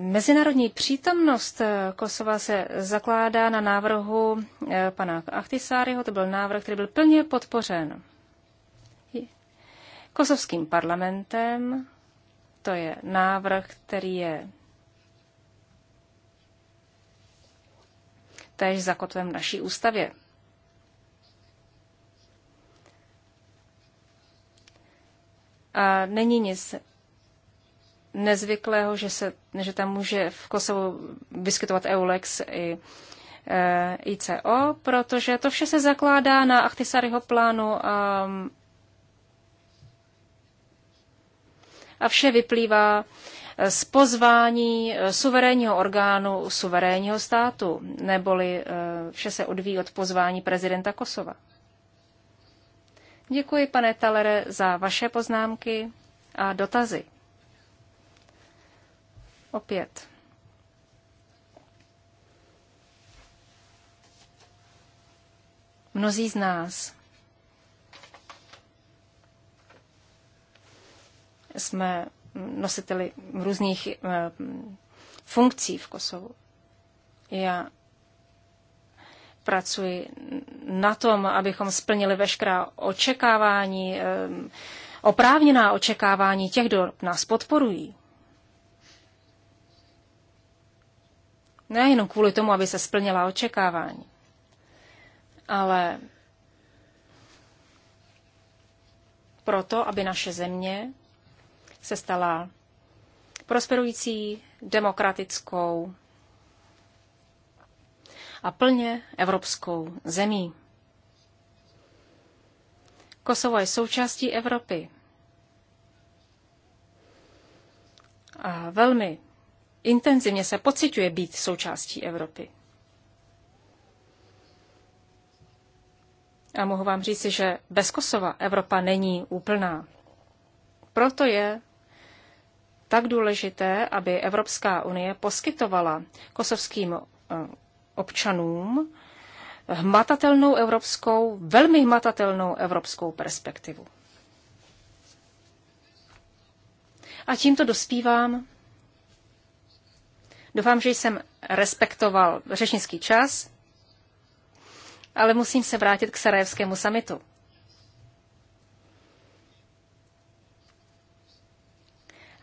Mezinárodní přítomnost Kosova se zakládá na návrhu eh, pana Achtisáryho, to byl návrh, který byl plně podpořen kosovským parlamentem to je návrh, který je též zakotven v naší ústavě. A není nic nezvyklého, že, se, že tam může v Kosovu vyskytovat EULEX i e, eh, ICO, protože to vše se zakládá na Achtisaryho plánu a a vše vyplývá eh, z pozvání eh, suverénního orgánu suverénního státu, neboli eh, vše se odvíjí od pozvání prezidenta Kosova. Děkuji, pane Talere, za vaše poznámky a dotazy. Opět. Mnozí z nás jsme nositeli různých eh, funkcí v Kosovu. Já pracuji na tom, abychom splnili veškerá očekávání, eh, oprávněná očekávání těch, kdo nás podporují. Nejenom kvůli tomu, aby se splnila očekávání, ale proto, aby naše země se stala prosperující, demokratickou a plně evropskou zemí. Kosovo je součástí Evropy a velmi intenzivně se pociťuje být součástí Evropy. A mohu vám říci, že bez Kosova Evropa není úplná. Proto je tak důležité, aby Evropská unie poskytovala kosovským eh, občanům hmatatelnou evropskou, velmi hmatatelnou evropskou perspektivu. A tímto dospívám. Doufám, že jsem respektoval řečnický čas, ale musím se vrátit k Sarajevskému samitu.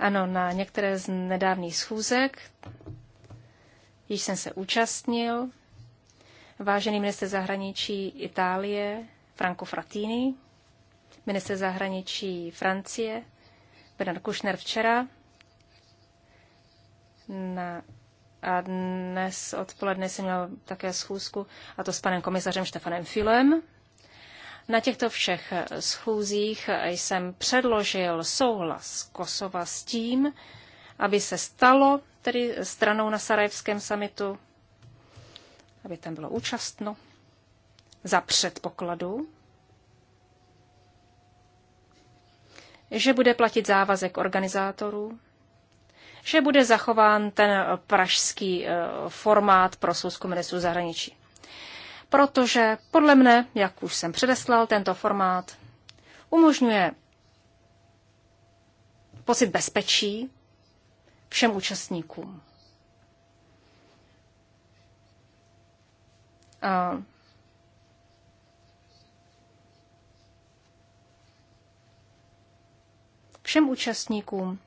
Ano, na některé z nedávných schůzek, již jsem se účastnil, vážený minister zahraničí Itálie Franco Frattini, minister zahraničí Francie Bernard Kushner včera na, a dnes odpoledne jsem měl také schůzku, a to s panem komisařem Štefanem Filem, na těchto všech eh, schůzích eh, jsem předložil souhlas Kosova s tím, aby se stalo tedy stranou na Sarajevském samitu, aby tam bylo účastno za předpokladu, že bude platit závazek organizátorů, že bude zachován ten pražský eh, formát pro schůzku ministrů zahraničí protože podle mne, jak už jsem předeslal, tento formát umožňuje pocit bezpečí všem účastníkům. A všem účastníkům,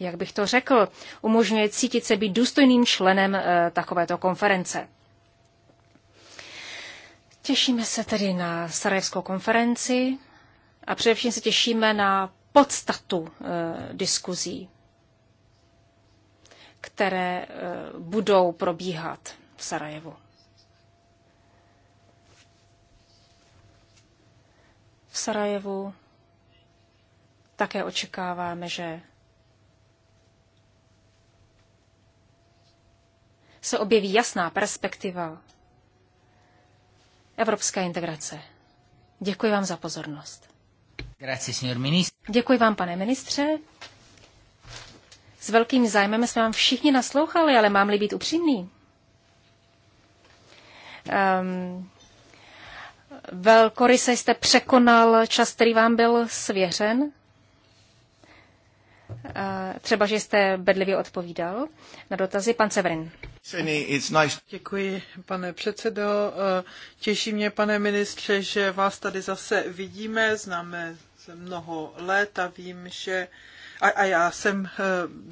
jak bych to řekl, umožňuje cítit se být důstojným členem eh, takovéto konference. Těšíme se tedy na Sarajevskou konferenci a především se těšíme na podstatu e, diskuzí, které e, budou probíhat v Sarajevu. V Sarajevu také očekáváme, že se objeví jasná perspektiva evropské integrace. Děkuji vám za pozornost. Děkuji vám, pane ministře. S velkým zájmem jsme vám všichni naslouchali, ale mám-li být upřímný. Um, velkoryse jste překonal čas, který vám byl svěřen. Eh, třeba, že jste bedlivě odpovídal na dotazy. Pan Severin. Děkuji, pane předsedo. Eh, těší mě, pane ministře, že vás tady zase vidíme. Známe se mnoho let a vím, že a, a já jsem eh,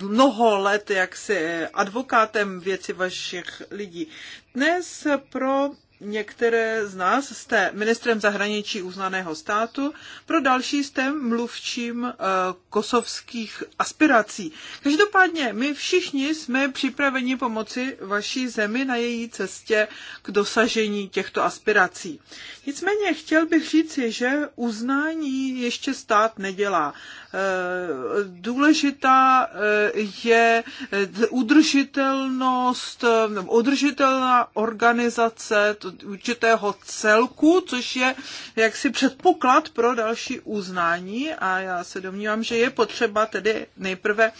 mnoho let jaksi advokátem věci vašich lidí. Dnes pro některé z nás jste ministrem zahraničí uznaného státu, pro další jste mluvčím eh, kosovských aspirací. Každopádně my všichni jsme připraveni pomoci vaší zemi na její cestě k dosažení těchto aspirací. Nicméně chtěl bych říci, že uznání ještě stát nedělá. Eh, důležitá eh, je udržitelnost, udržitelná organizace, to určitého celku, což je jaksi předpoklad pro další uznání a já se domnívám, že je potřeba tedy nejprve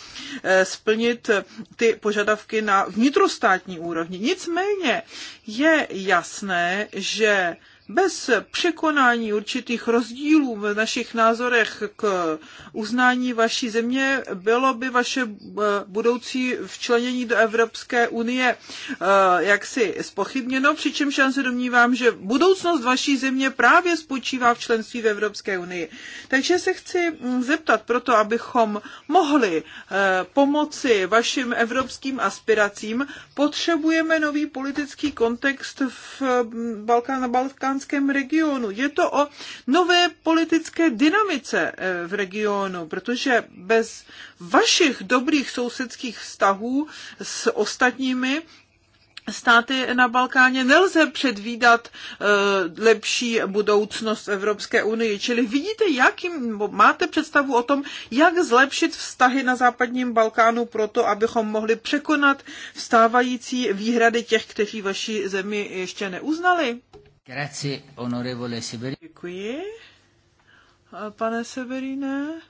eh, splnit eh, ty požadavky na vnitrostátní úrovni. Nicméně je jasné, že bez překonání určitých rozdílů v našich názorech k uznání vaší země, bylo by vaše eh, budoucí včlenění do Evropské unie eh, jaksi spochybněno, přičemž já se domnívám, že budoucnost vaší země právě spočívá v členství v Evropské unii. Takže se chci hm, zeptat proto, abychom mohli eh, pomoci vašim evropským aspiracím, potřebujeme nový politický kontext v hm, Balkán, na Balkán balkánském regionu. Je to o nové politické dynamice eh, v regionu, protože bez vašich dobrých sousedských vztahů s ostatními státy na Balkáně nelze předvídat eh, lepší budoucnost v Evropské unii. Čili vidíte, jakým, máte představu o tom, jak zlepšit vztahy na západním Balkánu proto, abychom mohli překonat vstávající výhrady těch, kteří vaši zemi ještě neuznali? Grazie, onorevole Děkuji, pane Severine.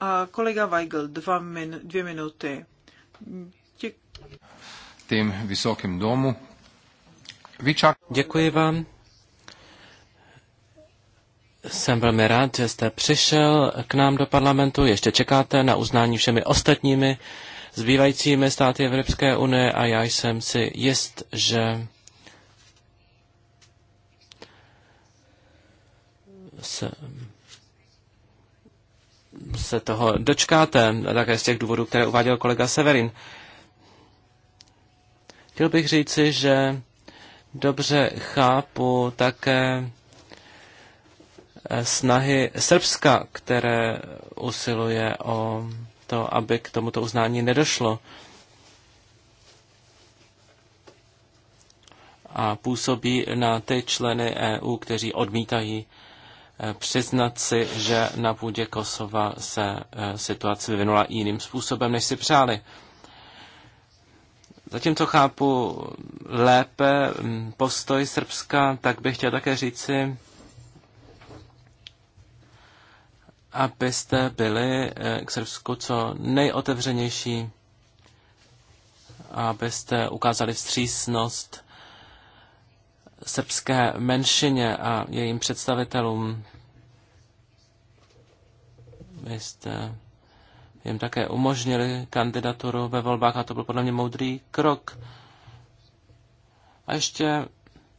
A kolega Weigl, dva min, dvě minuty. Dě... Tým vysokým domu. Vyčak... Děkuji vám. Jsem velmi rád, že jste přišel k nám do parlamentu. Ještě čekáte na uznání všemi ostatními zbývajícími státy Evropské unie a já jsem si jist, že se, se toho dočkáte, také z těch důvodů, které uváděl kolega Severin. Chtěl bych říci, že dobře chápu také eh, snahy Srbska, které usiluje o to, aby k tomuto uznání nedošlo. A působí na ty členy EU, kteří odmítají Eh, přiznat si, že na půdě Kosova se eh, situace vyvinula jiným způsobem, než si přáli. Zatímco chápu lépe hm, postoj Srbska, tak bych chtěl také říci, abyste byli eh, k Srbsku co nejotevřenější, abyste ukázali vstřícnost srbské menšině a jejím představitelům. Vy jste jim také umožnili kandidaturu ve volbách a to byl podle mě moudrý krok. A ještě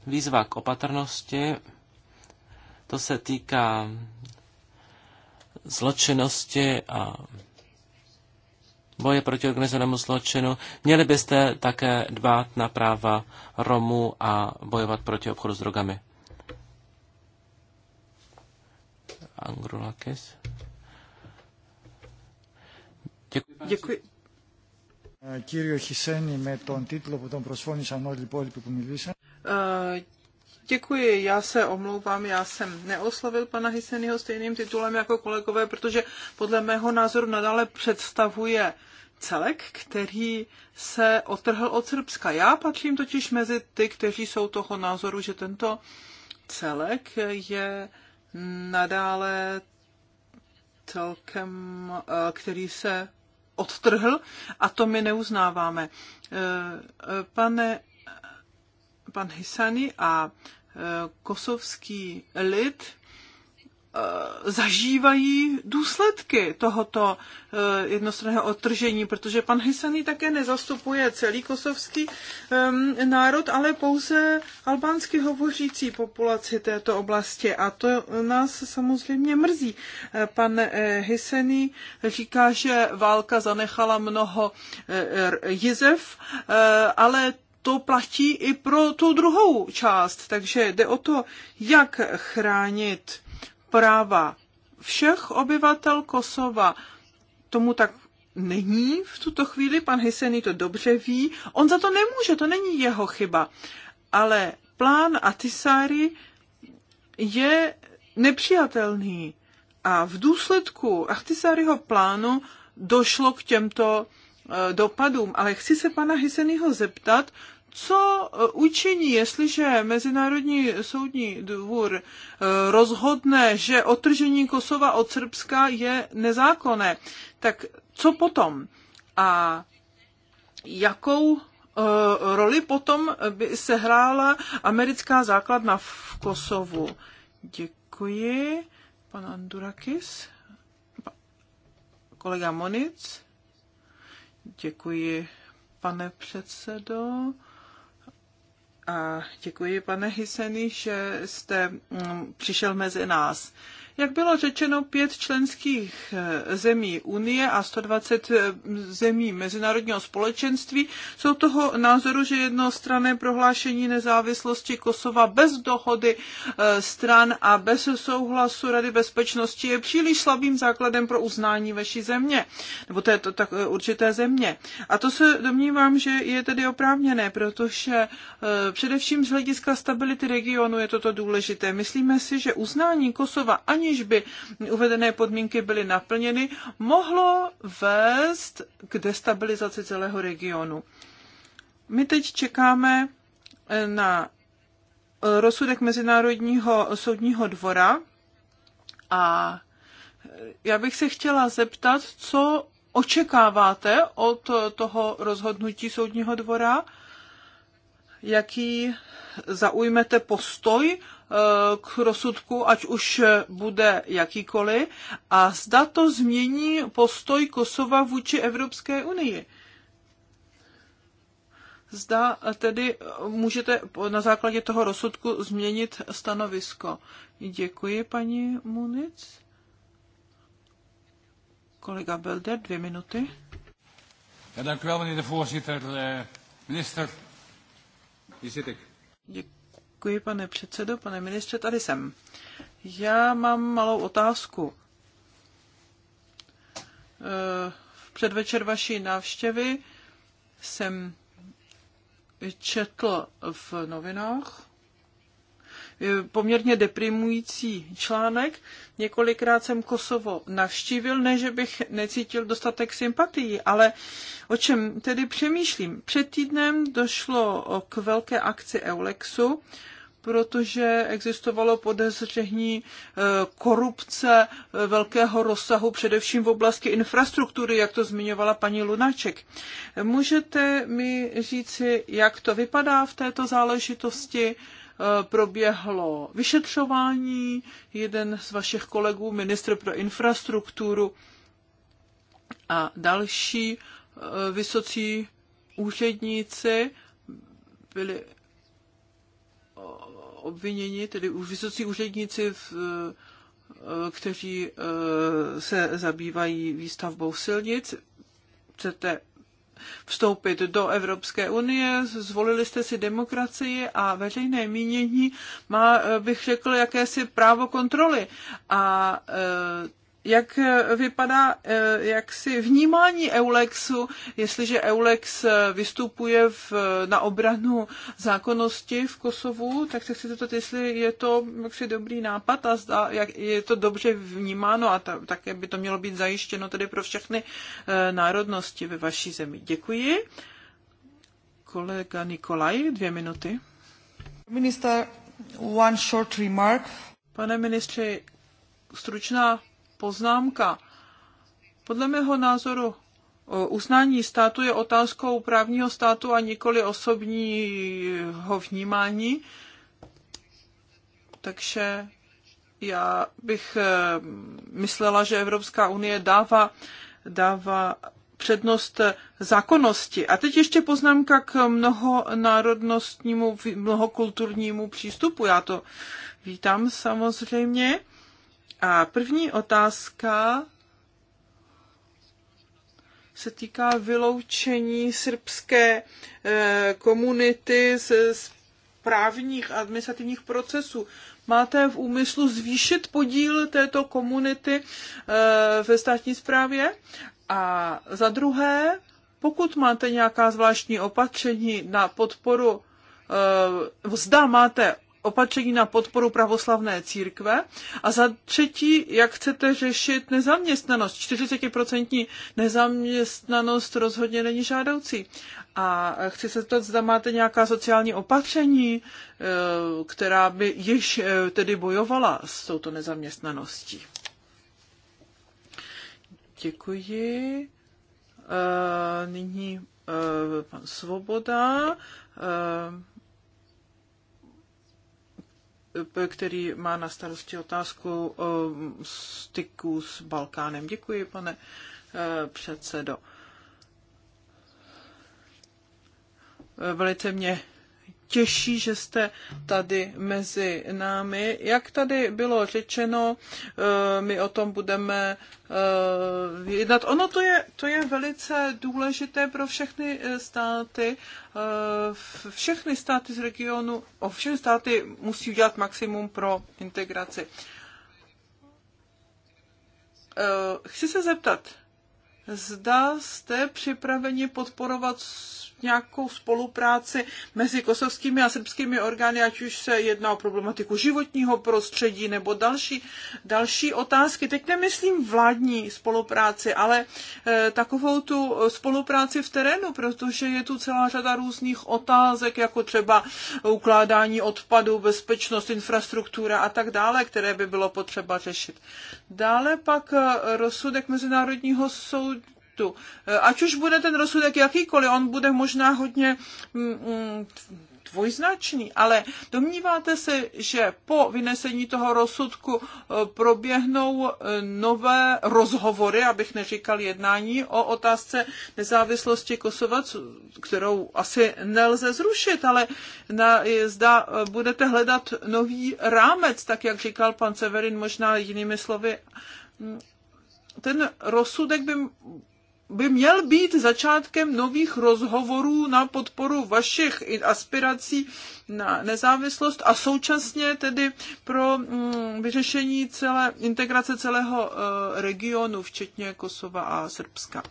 výzva k opatrnosti. To se týká zločinnosti a boje proti organizovanému zločinu. Měli byste také dbát na práva Romů a bojovat proti obchodu s drogami. Angrulakis. Děkuji. Děkuji. Eh, eh, děkuji, já se omlouvám, já jsem neoslovil pana Hyseniho stejným titulem jako kolegové, protože podle mého názoru nadále představuje celek, který se otrhl od Srbska. Já patřím totiž mezi ty, kteří jsou toho názoru, že tento celek je nadále celkem, eh, který se odtrhl a to my neuznáváme. Eh, pane, pan Hisani a eh, kosovský lid Eh, zažívají důsledky tohoto eh, jednostranného odtržení, protože pan Hysený také nezastupuje celý kosovský národ, ale pouze albánsky hovořící populaci této oblasti a to nás samozřejmě mrzí. Eh, pan Hysený říká, že válka zanechala mnoho jizev, ale to platí i pro tu druhou část, takže jde o to, jak chránit práva všech obyvatel Kosova. Tomu tak není v tuto chvíli, pan Hysený to dobře ví, on za to nemůže, to není jeho chyba. Ale plán Atisary je nepřijatelný a v důsledku Atisaryho plánu došlo k těmto eh, dopadům. Ale chci se pana Hyseného zeptat, co e, učiní, jestliže Mezinárodní soudní dvůr e, rozhodne, že otržení Kosova od Srbska je nezákonné, tak co potom? A jakou e, roli potom by se hrála americká základna v Kosovu? Děkuji. Pan Andurakis. Kolega Monic. Děkuji, pane předsedo. A děkuji, pane Hiseny, že jste mm, přišel mezi nás. Jak bylo řečeno, pět členských eh, zemí Unie a 120 eh, zemí mezinárodního společenství jsou toho názoru, že jednostranné prohlášení nezávislosti Kosova bez dohody eh, stran a bez souhlasu Rady bezpečnosti je příliš slabým základem pro uznání vaší země, nebo této tak, určité země. A to se domnívám, že je tedy oprávněné, protože především z hlediska stability regionu je toto důležité. Myslíme si, že uznání Kosova ani aniž by uvedené podmínky byly naplněny, mohlo vést k destabilizaci celého regionu. My teď čekáme na rozsudek Mezinárodního soudního dvora a já bych se chtěla zeptat, co očekáváte od toho rozhodnutí soudního dvora, jaký zaujmete postoj k rozsudku, ať už bude jakýkoliv, a zda to změní postoj Kosova vůči Evropské unii. Zda tedy můžete na základě toho rozsudku změnit stanovisko. Děkuji, paní Munic. Kolega Belder, dvě minuty. Ja, dank u eh, minister, Děkuji. Děkuji, pane předsedo, pane ministře, tady jsem. Já mám malou otázku. E, v předvečer vaší návštěvy jsem četl v novinách, Eh, poměrně deprimující článek. Několikrát jsem Kosovo navštívil, ne, že bych necítil dostatek sympatii, ale o čem tedy přemýšlím? Před týdnem došlo eh, k velké akci Eulexu, protože existovalo podezření eh, korupce velkého rozsahu, především v oblasti infrastruktury, jak to zmiňovala paní Lunaček. Můžete mi říci, jak to vypadá v této záležitosti? Eh, proběhlo vyšetřování. Jeden z vašich kolegů, ministr pro infrastrukturu a další eh, vysocí úředníci byli eh, obviněni, tedy vysocí úředníci, v, kteří se zabývají výstavbou silnic. Chcete vstoupit do Evropské unie, zvolili jste si demokracii a veřejné mínění má, eh, bych řekl, jakési právo kontroly. A eh, jak vypadá eh, jak si vnímání Eulexu, jestliže Eulex eh, vystupuje v, eh, na obranu zákonnosti v Kosovu, tak se chci zeptat, jestli je to jaksi dobrý nápad a zda, jak je to dobře vnímáno a ta, také by to mělo být zajištěno tedy pro všechny národnosti ve vaší zemi. Děkuji. Kolega Nikolaj, dvě minuty. Minister, one short remark. Pane ministře, stručná poznámka. Podle mého názoru uznání státu je otázkou právního státu a nikoli osobního vnímání. Takže já bych e, myslela, že Evropská unie dává, dává přednost zákonnosti. A teď ještě poznámka k mnohonárodnostnímu, mnohokulturnímu přístupu. Já to vítám samozřejmě. A první otázka se týká vyloučení srbské eh, komunity z právních administrativních procesů. Máte v úmyslu zvýšit podíl této komunity eh, ve státní správě? A za druhé, pokud máte nějaká zvláštní opatření na podporu, eh, zda máte opatření na podporu pravoslavné církve? A za třetí, jak chcete řešit nezaměstnanost? 40% nezaměstnanost rozhodně není žádoucí. A chci se zeptat, zda máte nějaká sociální opatření, eh, která by již eh, tedy bojovala s touto nezaměstnaností. Děkuji. Eh, nyní pan Svoboda který má na starosti otázku eh, styku s Balkánem. Děkuji, pane eh, předsedo. Velice mě těší, že jste tady mezi námi. Jak tady bylo řečeno, eh, my o tom budeme eh, jednat. Ono to je, to je velice důležité pro všechny eh, státy. Všechny státy z regionu, o všechny státy musí udělat maximum pro integraci. Chci se zeptat, zda jste připraveni podporovat nějakou spolupráci mezi kosovskými a srbskými orgány, ať už se jedná o problematiku životního prostředí nebo další, další otázky. Teď nemyslím vládní spolupráci, ale e, takovou tu spolupráci v terénu, protože je tu celá řada různých otázek, jako třeba ukládání odpadů, bezpečnost, infrastruktura a tak dále, které by bylo potřeba řešit. Dále pak eh, rozsudek Mezinárodního soud konfliktu. Eh, ať už bude ten rozsudek jakýkoliv, on bude možná hodně mm, mm, dvojznačný, ale domníváte se, že po vynesení toho rozsudku eh, proběhnou eh, nové rozhovory, abych neříkal jednání, o otázce nezávislosti Kosova, kterou asi nelze zrušit, ale na, zda budete hledat nový rámec, tak jak říkal pan Severin, možná jinými slovy, mm, ten rozsudek by by měl být začátkem nových rozhovorů na podporu vašich aspirací na nezávislost a současně tedy pro mm, vyřešení celé integrace celého e, regionu, včetně Kosova a Srbska.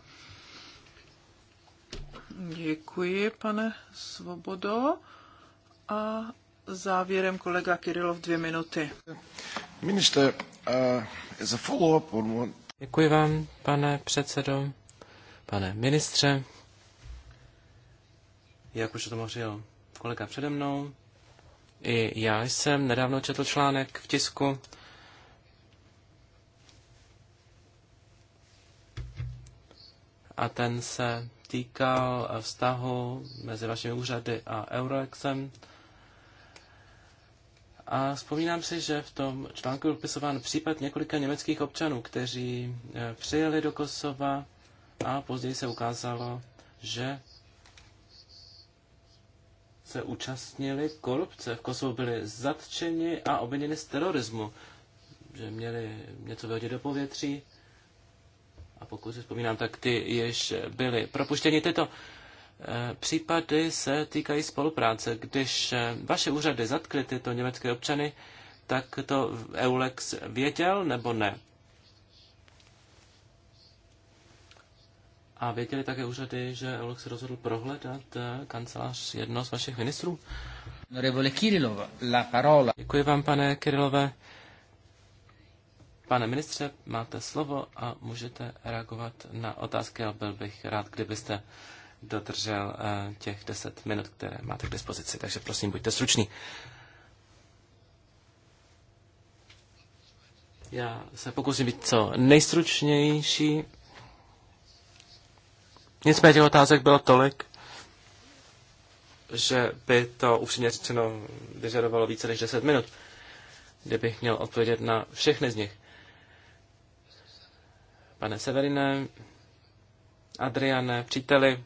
Děkuji, pane Svobodo. A závěrem kolega Kirilov dvě minuty. Minister, uh, e, a follow-up on one... Děkuji vám, pane předsedo pane ministře. Jak už to tom kolega přede mnou, i já jsem nedávno četl článek v tisku, a ten se týkal vztahu mezi vašimi úřady a Eurolexem. A vzpomínám si, že v tom článku byl popisován případ několika německých občanů, kteří eh, přijeli do Kosova a později se ukázalo, že se účastnili korupce. V Kosovu byli zatčeni a obviněni z terorismu, že měli něco vyhodit do povětří. A pokud si vzpomínám, tak ty již byli propuštěni. Tyto eh, případy se týkají spolupráce. Když eh, vaše úřady zatkly tyto německé občany, tak to Eulex věděl nebo ne? A věděli také úřady, že Eulog se rozhodl prohledat eh, kancelář jednoho z vašich ministrů? Děkuji vám, pane Kirilové. Pane ministře, máte slovo a můžete reagovat na otázky a byl bych rád, kdybyste dodržel eh, těch 10 minut, které máte k dispozici. Takže prosím, buďte stručný. Já se pokusím být co nejstručnější. Nicméně těch otázek bylo tolik, že by to upřímně řečeno vyžadovalo více než 10 minut, kdybych měl odpovědět na všechny z nich. Pane Severine, Adriane, příteli,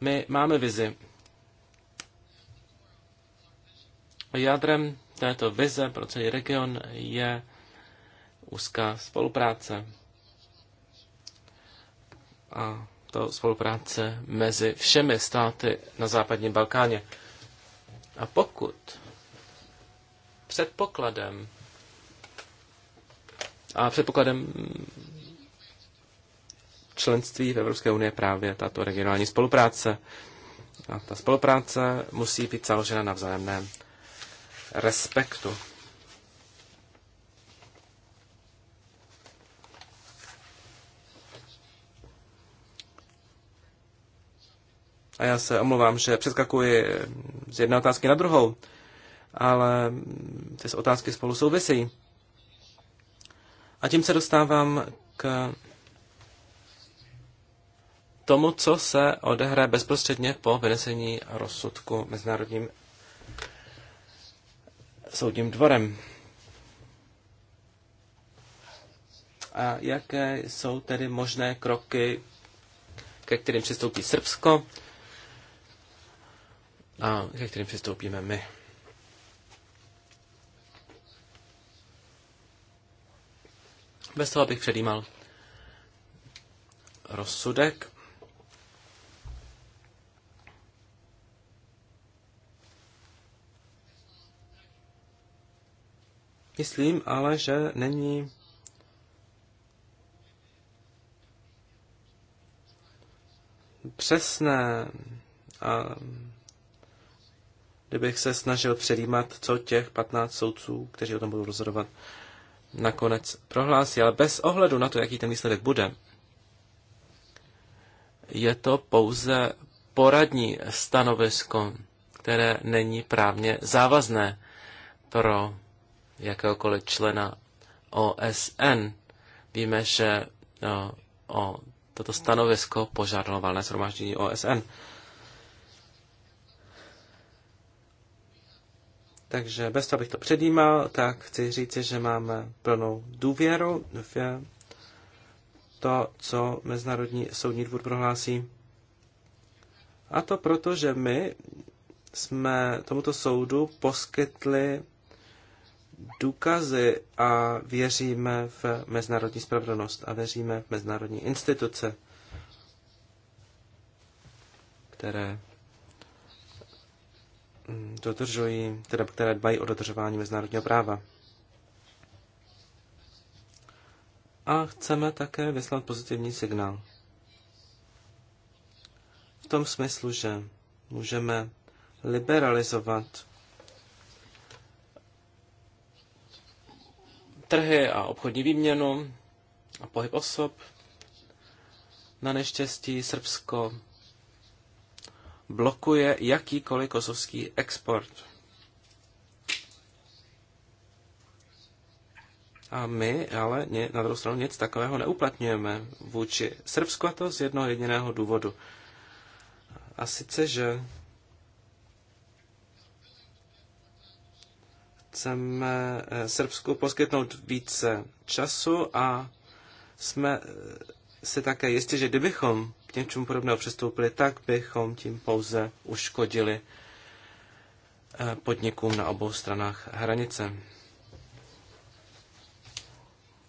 my máme vizi. Jádrem této vize pro celý region je úzká spolupráce a to spolupráce mezi všemi státy na západním Balkáně. A pokud předpokladem a předpokladem členství v Evropské unii je právě tato regionální spolupráce. A ta spolupráce musí být založena na vzájemném respektu. a já se omlouvám, že předskakuji z jedné otázky na druhou, ale ty otázky spolu souvisí. A tím se dostávám k tomu, co se odehraje bezprostředně po vynesení rozsudku Mezinárodním soudním dvorem. A jaké jsou tedy možné kroky, ke kterým přistoupí Srbsko a ke kterým přistoupíme my. Bez toho, bych předjímal rozsudek, Myslím ale, že není přesné a kdybych se snažil předjímat, co těch 15 soudců, kteří o tom budou rozhodovat, nakonec prohlásí. Ale bez ohledu na to, jaký ten výsledek bude, je to pouze poradní stanovisko, které není právně závazné pro jakéhokoliv člena OSN. Víme, že no, o, toto stanovisko požádalo valné shromáždění OSN. Takže bez toho, abych to předjímal, tak chci říct, že máme plnou důvěru v to, co Mezinárodní soudní dvůr prohlásí. A to proto, že my jsme tomuto soudu poskytli důkazy a věříme v mezinárodní spravedlnost a věříme v mezinárodní instituce, které dodržují, teda které dbají o dodržování mezinárodního práva. A chceme také vyslat pozitivní signál. V tom smyslu, že můžeme liberalizovat trhy a obchodní výměnu a pohyb osob. Na neštěstí Srbsko blokuje jakýkoliv kosovský export. A my ale na druhou stranu nic takového neuplatňujeme vůči Srbsku a to z jednoho jediného důvodu. A sice, že chceme eh, Srbsku poskytnout více času a jsme eh, si také jistí, že kdybychom něčemu podobného přistoupili, tak bychom tím pouze uškodili eh, podnikům na obou stranách hranice.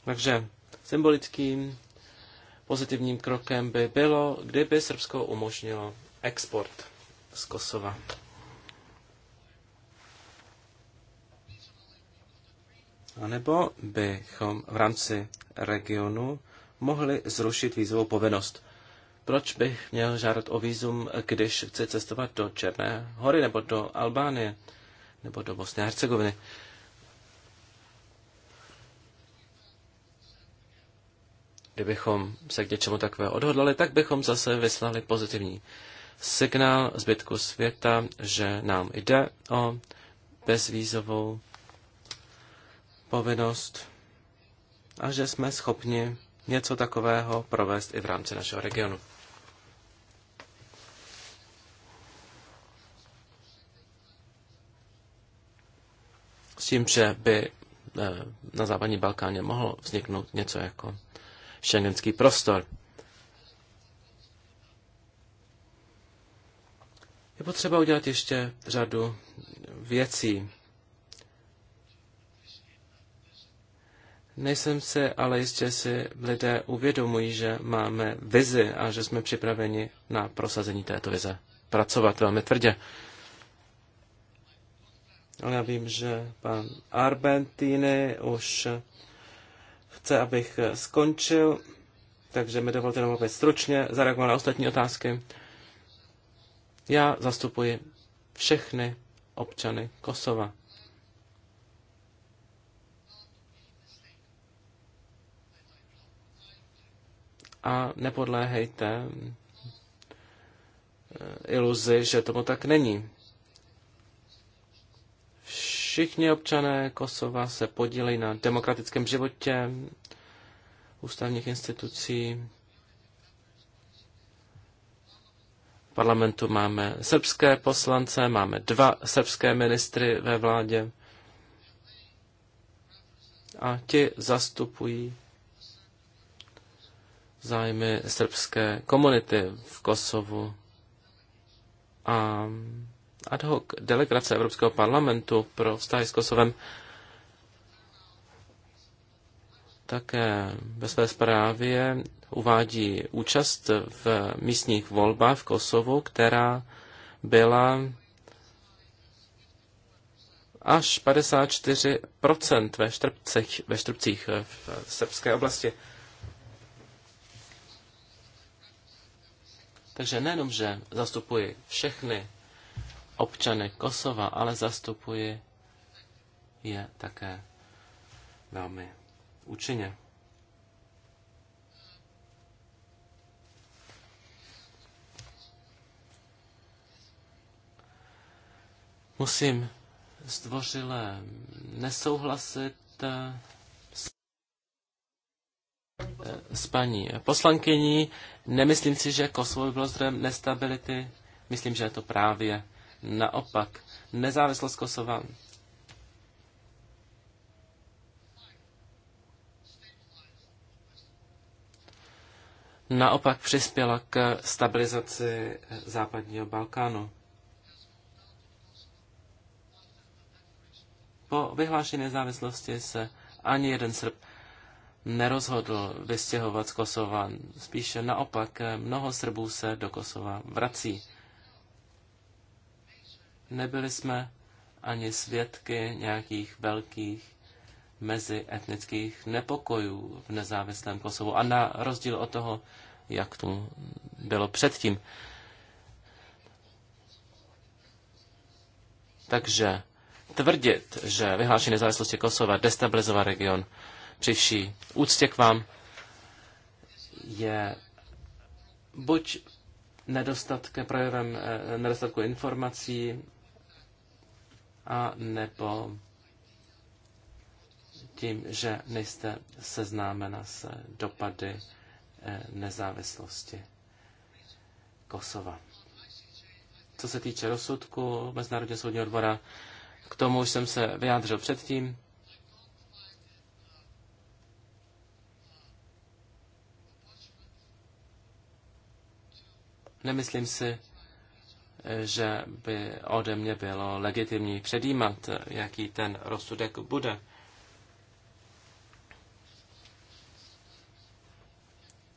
Takže symbolickým pozitivním krokem by bylo, kdyby Srbsko umožnilo export z Kosova. A nebo bychom v rámci regionu mohli zrušit vízovou povinnost. Proč bych měl žádat o výzum, když chci cestovat do Černé hory nebo do Albánie nebo do Bosny a Hercegoviny? Kdybychom se k něčemu takové odhodlali, tak bychom zase vyslali pozitivní signál zbytku světa, že nám jde o bezvízovou povinnost a že jsme schopni něco takového provést i v rámci našeho regionu. tím, že by eh, na západní Balkáně mohlo vzniknout něco jako šengenský prostor. Je potřeba udělat ještě řadu věcí. Nejsem si, ale jistě si lidé uvědomují, že máme vizi a že jsme připraveni na prosazení této vize pracovat velmi tvrdě ale já vím, že pan Arbentini už chce, abych skončil, takže mi dovolte jenom opět stručně zareagovat na ostatní otázky. Já zastupuji všechny občany Kosova. A nepodléhejte iluzi, že tomu tak není všichni občané Kosova se podílejí na demokratickém životě ústavních institucí. V parlamentu máme srbské poslance, máme dva srbské ministry ve vládě a ti zastupují zájmy srbské komunity v Kosovu. A ad hoc delegace Evropského parlamentu pro vztahy s Kosovem také ve své zprávě uvádí účast v místních volbách v Kosovu, která byla až 54% ve Štrbcích, ve Štrbcích v srbské oblasti. Takže nejenom, že zastupuji všechny občany Kosova, ale zastupuji je také velmi účinně. Musím zdvořile nesouhlasit eh, eh, s paní poslankyní. Nemyslím si, že Kosovo by bylo zdrojem nestability. Myslím, že je to právě Naopak, nezávislost Kosova naopak přispěla k stabilizaci západního Balkánu. Po vyhlášení nezávislosti se ani jeden Srb nerozhodl vystěhovat z Kosova. Spíše naopak, mnoho Srbů se do Kosova vrací. Nebyli jsme ani svědky nějakých velkých mezietnických nepokojů v nezávislém Kosovu. A na rozdíl od toho, jak to bylo předtím. Takže tvrdit, že vyhlášení nezávislosti Kosova destabilizovat region při úctě k vám je buď nedostatkem, projevem eh, nedostatku informací, a nebo tím, že nejste seznámena s dopady eh, nezávislosti Kosova. Co se týče rozsudku Mezinárodního soudního dvora, k tomu už jsem se vyjádřil předtím. Nemyslím si, že by ode mě bylo legitimní předjímat, jaký ten rozsudek bude.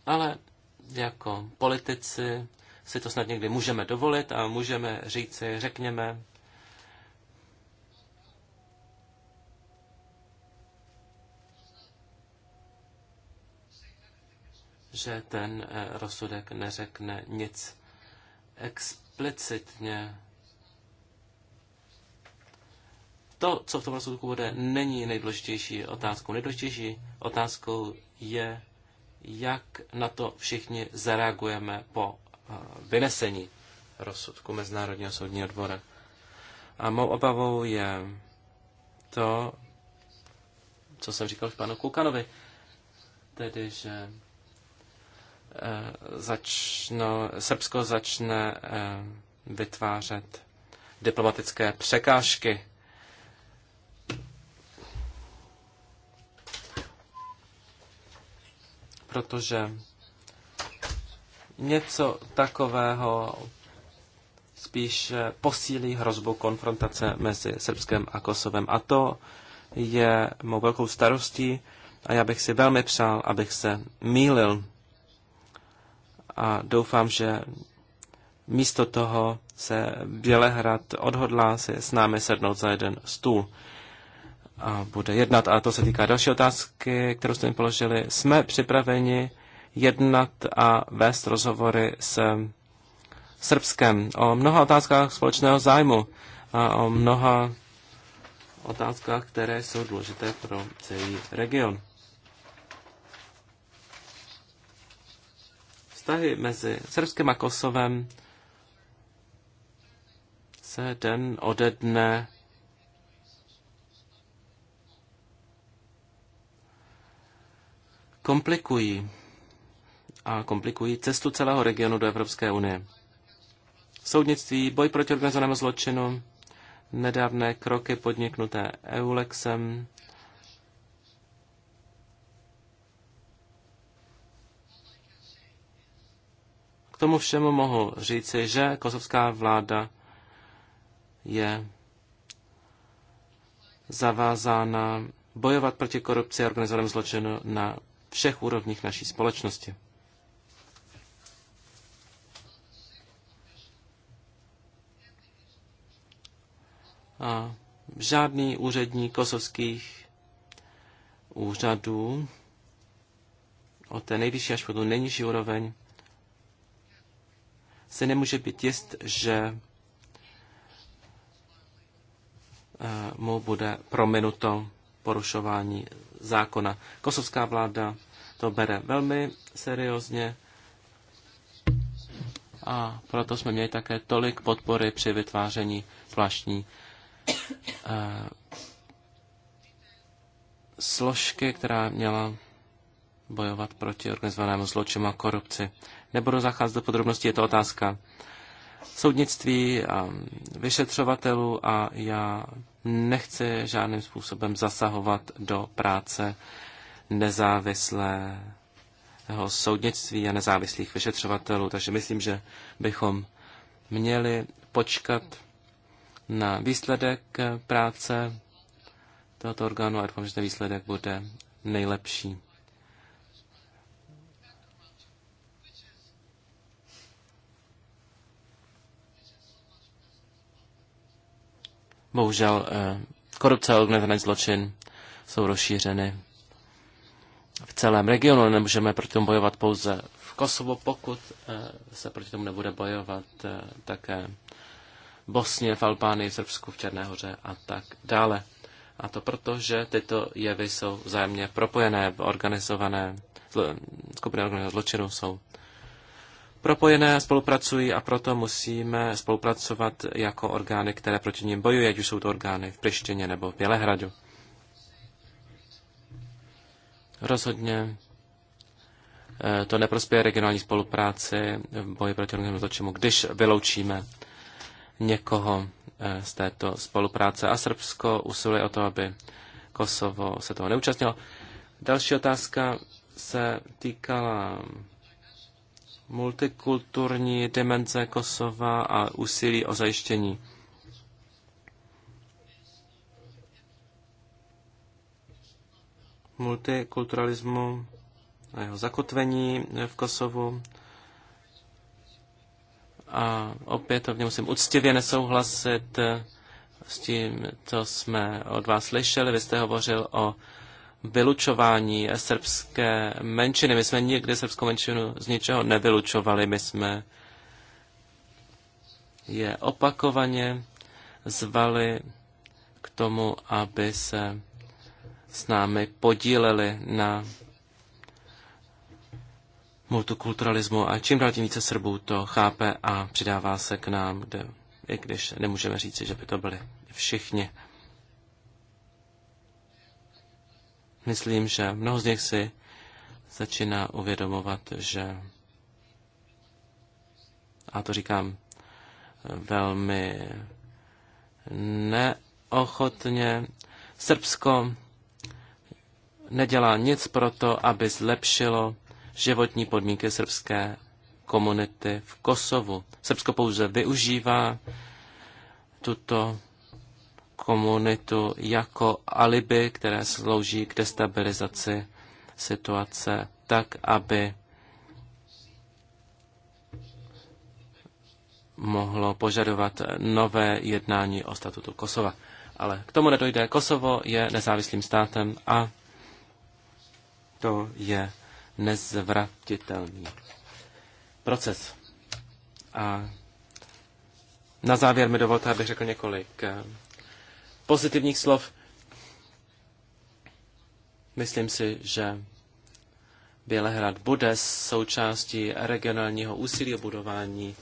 Ale jako politici si to snad někdy můžeme dovolit a můžeme říci, řekněme, že ten eh, rozsudek neřekne nic exp explicitně. To, co v tom rozsudku bude, není nejdůležitější otázkou. Nejdůležitější otázkou je, jak na to všichni zareagujeme po eh, vynesení rozsudku Mezinárodního soudního dvora. A mou obavou je to, co jsem říkal panu Kukanovi, tedy, že Eh, začno, Srbsko začne eh, vytvářet diplomatické překážky. Protože něco takového spíš posílí hrozbu konfrontace mezi Srbskem a Kosovem. A to je mou velkou starostí a já bych si velmi přál, abych se mýlil a doufám, že místo toho se Bělehrad odhodlá se s námi sednout za jeden stůl a bude jednat. A to se týká další otázky, kterou jste mi položili. Jsme připraveni jednat a vést rozhovory s Srbskem o mnoha otázkách společného zájmu a o mnoha otázkách, které jsou důležité pro celý region. vztahy mezi Srbskem a Kosovem se den ode dne komplikují a komplikují cestu celého regionu do Evropské unie. Soudnictví, boj proti organizovanému zločinu, nedávné kroky podniknuté EULEXem, K tomu všemu mohu říci, že kosovská vláda je zavázána bojovat proti korupci a organizovanému zločinu na všech úrovních naší společnosti. A žádný úředník kosovských úřadů od té nejvyšší až po tu nejnižší úroveň se nemůže být jist, že eh, mu bude prominuto porušování zákona. Kosovská vláda to bere velmi seriózně a proto jsme měli také tolik podpory při vytváření zvláštní eh, složky, která měla bojovat proti organizovanému zločinu a korupci. Nebudu zacházet do podrobností, je to otázka soudnictví a vyšetřovatelů a já nechci žádným způsobem zasahovat do práce nezávislého soudnictví a nezávislých vyšetřovatelů. Takže myslím, že bychom měli počkat na výsledek práce tohoto orgánu a doufám, že ten výsledek bude nejlepší. Bohužel eh, korupce a organizovaný zločin jsou rozšířeny v celém regionu. Nemůžeme proti tomu bojovat pouze v Kosovo, pokud eh, se proti tomu nebude bojovat eh, také v Bosně, v Albánii, v Srbsku, v Černé hoře a tak dále. A to proto, že tyto jevy jsou vzájemně propojené, organizované, skupiny organizovaného zločinu jsou propojené, spolupracují a proto musíme spolupracovat jako orgány, které proti ním bojují, ať už jsou to orgány v Prištině nebo v Bělehradu. Rozhodně eh, to neprospěje regionální spolupráci v boji proti organizovanému zločinu, když vyloučíme někoho eh, z této spolupráce. A Srbsko usiluje o to, aby Kosovo se toho neúčastnilo. Další otázka se týkala multikulturní dimenze Kosova a úsilí o zajištění. multikulturalismu a jeho zakotvení v Kosovu. A opětovně musím uctivě nesouhlasit s tím, co jsme od vás slyšeli. Vy jste hovořil o vylučování srbské menšiny. My jsme nikdy srbskou menšinu z ničeho nevylučovali. My jsme je opakovaně zvali k tomu, aby se s námi podíleli na multikulturalismu a čím dál tím více Srbů to chápe a přidává se k nám, kde, i když nemůžeme říci, že by to byli všichni. myslím, že mnoho z nich si začíná uvědomovat, že a to říkám velmi neochotně. Srbsko nedělá nic pro to, aby zlepšilo životní podmínky srbské komunity v Kosovu. Srbsko pouze využívá tuto komunitu jako alibi, které slouží k destabilizaci situace, tak aby mohlo požadovat nové jednání o statutu Kosova. Ale k tomu nedojde. Kosovo je nezávislým státem a to je nezvratitelný proces. A na závěr mi dovolte, abych řekl několik eh, pozitivních slov. Myslím si, že Bělehrad bude součástí regionálního úsilí o budování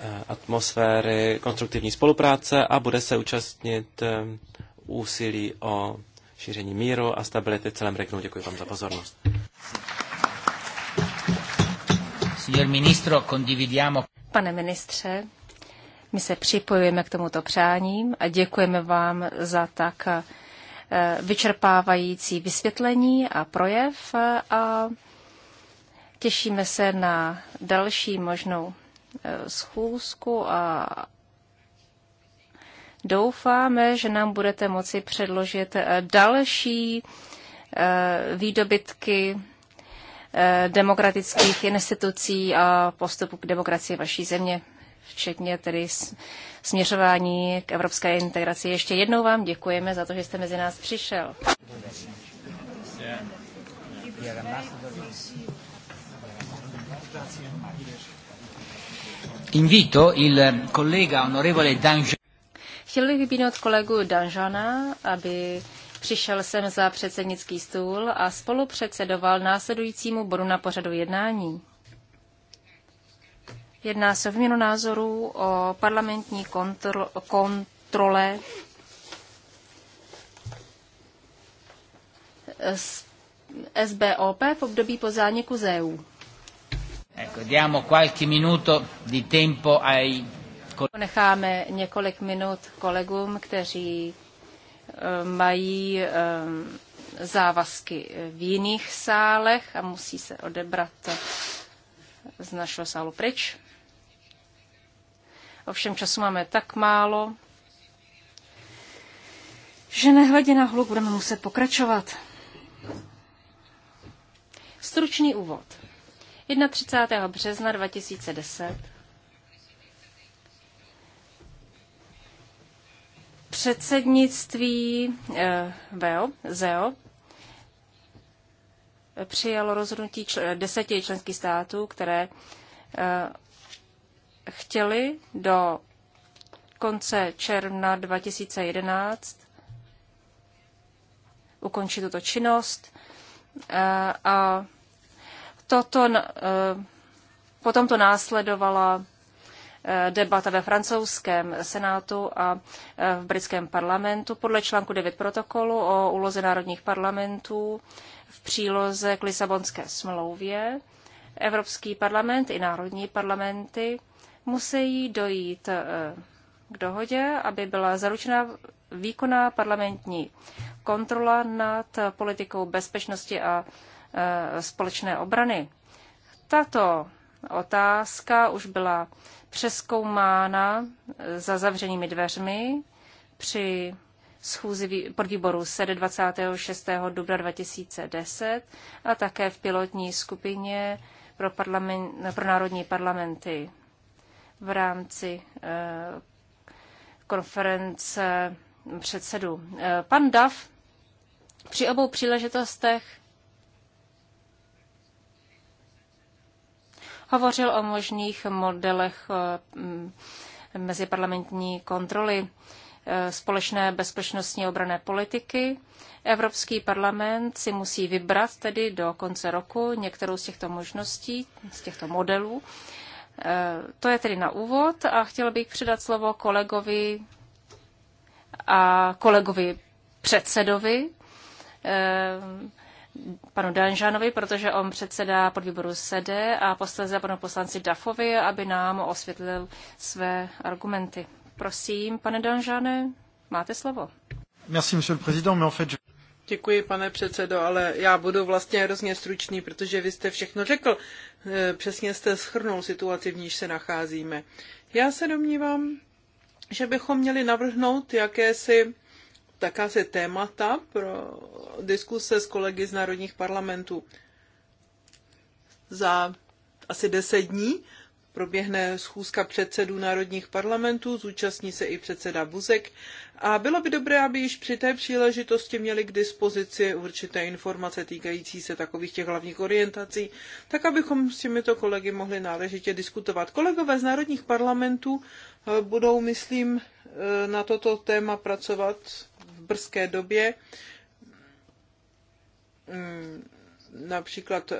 eh, atmosféry konstruktivní spolupráce a bude se účastnit eh, úsilí o šíření míru a stability v celém regionu. Děkuji vám za pozornost. Pane ministře, my se připojujeme k tomuto přáním a děkujeme vám za tak eh, vyčerpávající vysvětlení a projev a těšíme se na další možnou eh, schůzku a doufáme, že nám budete moci předložit eh, další výdobytky demokratických institucí a postupu k demokracii vaší země včetně tedy směřování k evropské integraci. Ještě jednou vám děkujeme za to, že jste mezi nás přišel. Invito il collega onorevole Danjean. Chtěl bych vybídnout kolegu Danjana, aby Přišel sem za předsednický stůl a spolupředsedoval následujícímu bodu na pořadu jednání. Jedná se o výměnu názorů o parlamentní kontro, kontrole SBOP v období po zániku ZEU. Ecco, diamo qualche minuto di tempo ai... Jako necháme několik minut kolegům, kteří eh, mají eh, závazky v jiných sálech a musí se odebrat z našeho sálu pryč. Ovšem času máme tak málo, že nehledě na hluk budeme muset pokračovat. Stručný úvod. 31. března 2010 předsednictví eh, VEO, ZEO přijalo rozhodnutí čl- deseti členských států, které eh, chtěli do konce června 2011 ukončit tuto činnost eh, a toto, eh, potom to následovala eh, debata ve francouzském senátu a v britském parlamentu podle článku 9 protokolu o úloze národních parlamentů v příloze k Lisabonské smlouvě. Evropský parlament i národní parlamenty musí dojít eh, k dohodě, aby byla zaručena výkonná parlamentní kontrola nad politikou bezpečnosti a eh, společné obrany. Tato otázka už byla přeskoumána eh, za zavřenými dveřmi při schůzi podvýboru SED 26. dubna 2010 a také v pilotní skupině pro, parlament, pro národní parlamenty v rámci eh, konference předsedů. Eh, pan Dav při obou příležitostech hovořil o možných modelech eh, meziparlamentní kontroly společné bezpečnostní obrané politiky. Evropský parlament si musí vybrat tedy do konce roku některou z těchto možností, z těchto modelů. Eh, to je tedy na úvod a chtěl bych předat slovo kolegovi a kolegovi předsedovi, eh, panu Danžanovi, protože on předsedá podvýboru SEDE a posléze panu poslanci Dafovi, aby nám osvětlil své argumenty. Prosím, pane Danžane, máte slovo. Merci, monsieur le président, mais en fait, Děkuji, pane předsedo, ale já budu vlastně hrozně stručný, protože vy jste všechno řekl. E, přesně jste schrnul situaci, v níž se nacházíme. Já se domnívám, že bychom měli navrhnout jakési takási témata pro diskuse s kolegy z národních parlamentů za asi deset dní proběhne schůzka předsedů národních parlamentů, zúčastní se i předseda Buzek a bylo by dobré, aby již při té příležitosti měli k dispozici určité informace týkající se takových těch hlavních orientací, tak abychom s těmito kolegy mohli náležitě diskutovat. Kolegové z národních parlamentů eh, budou, myslím, eh, na toto téma pracovat v brzké době hmm například um,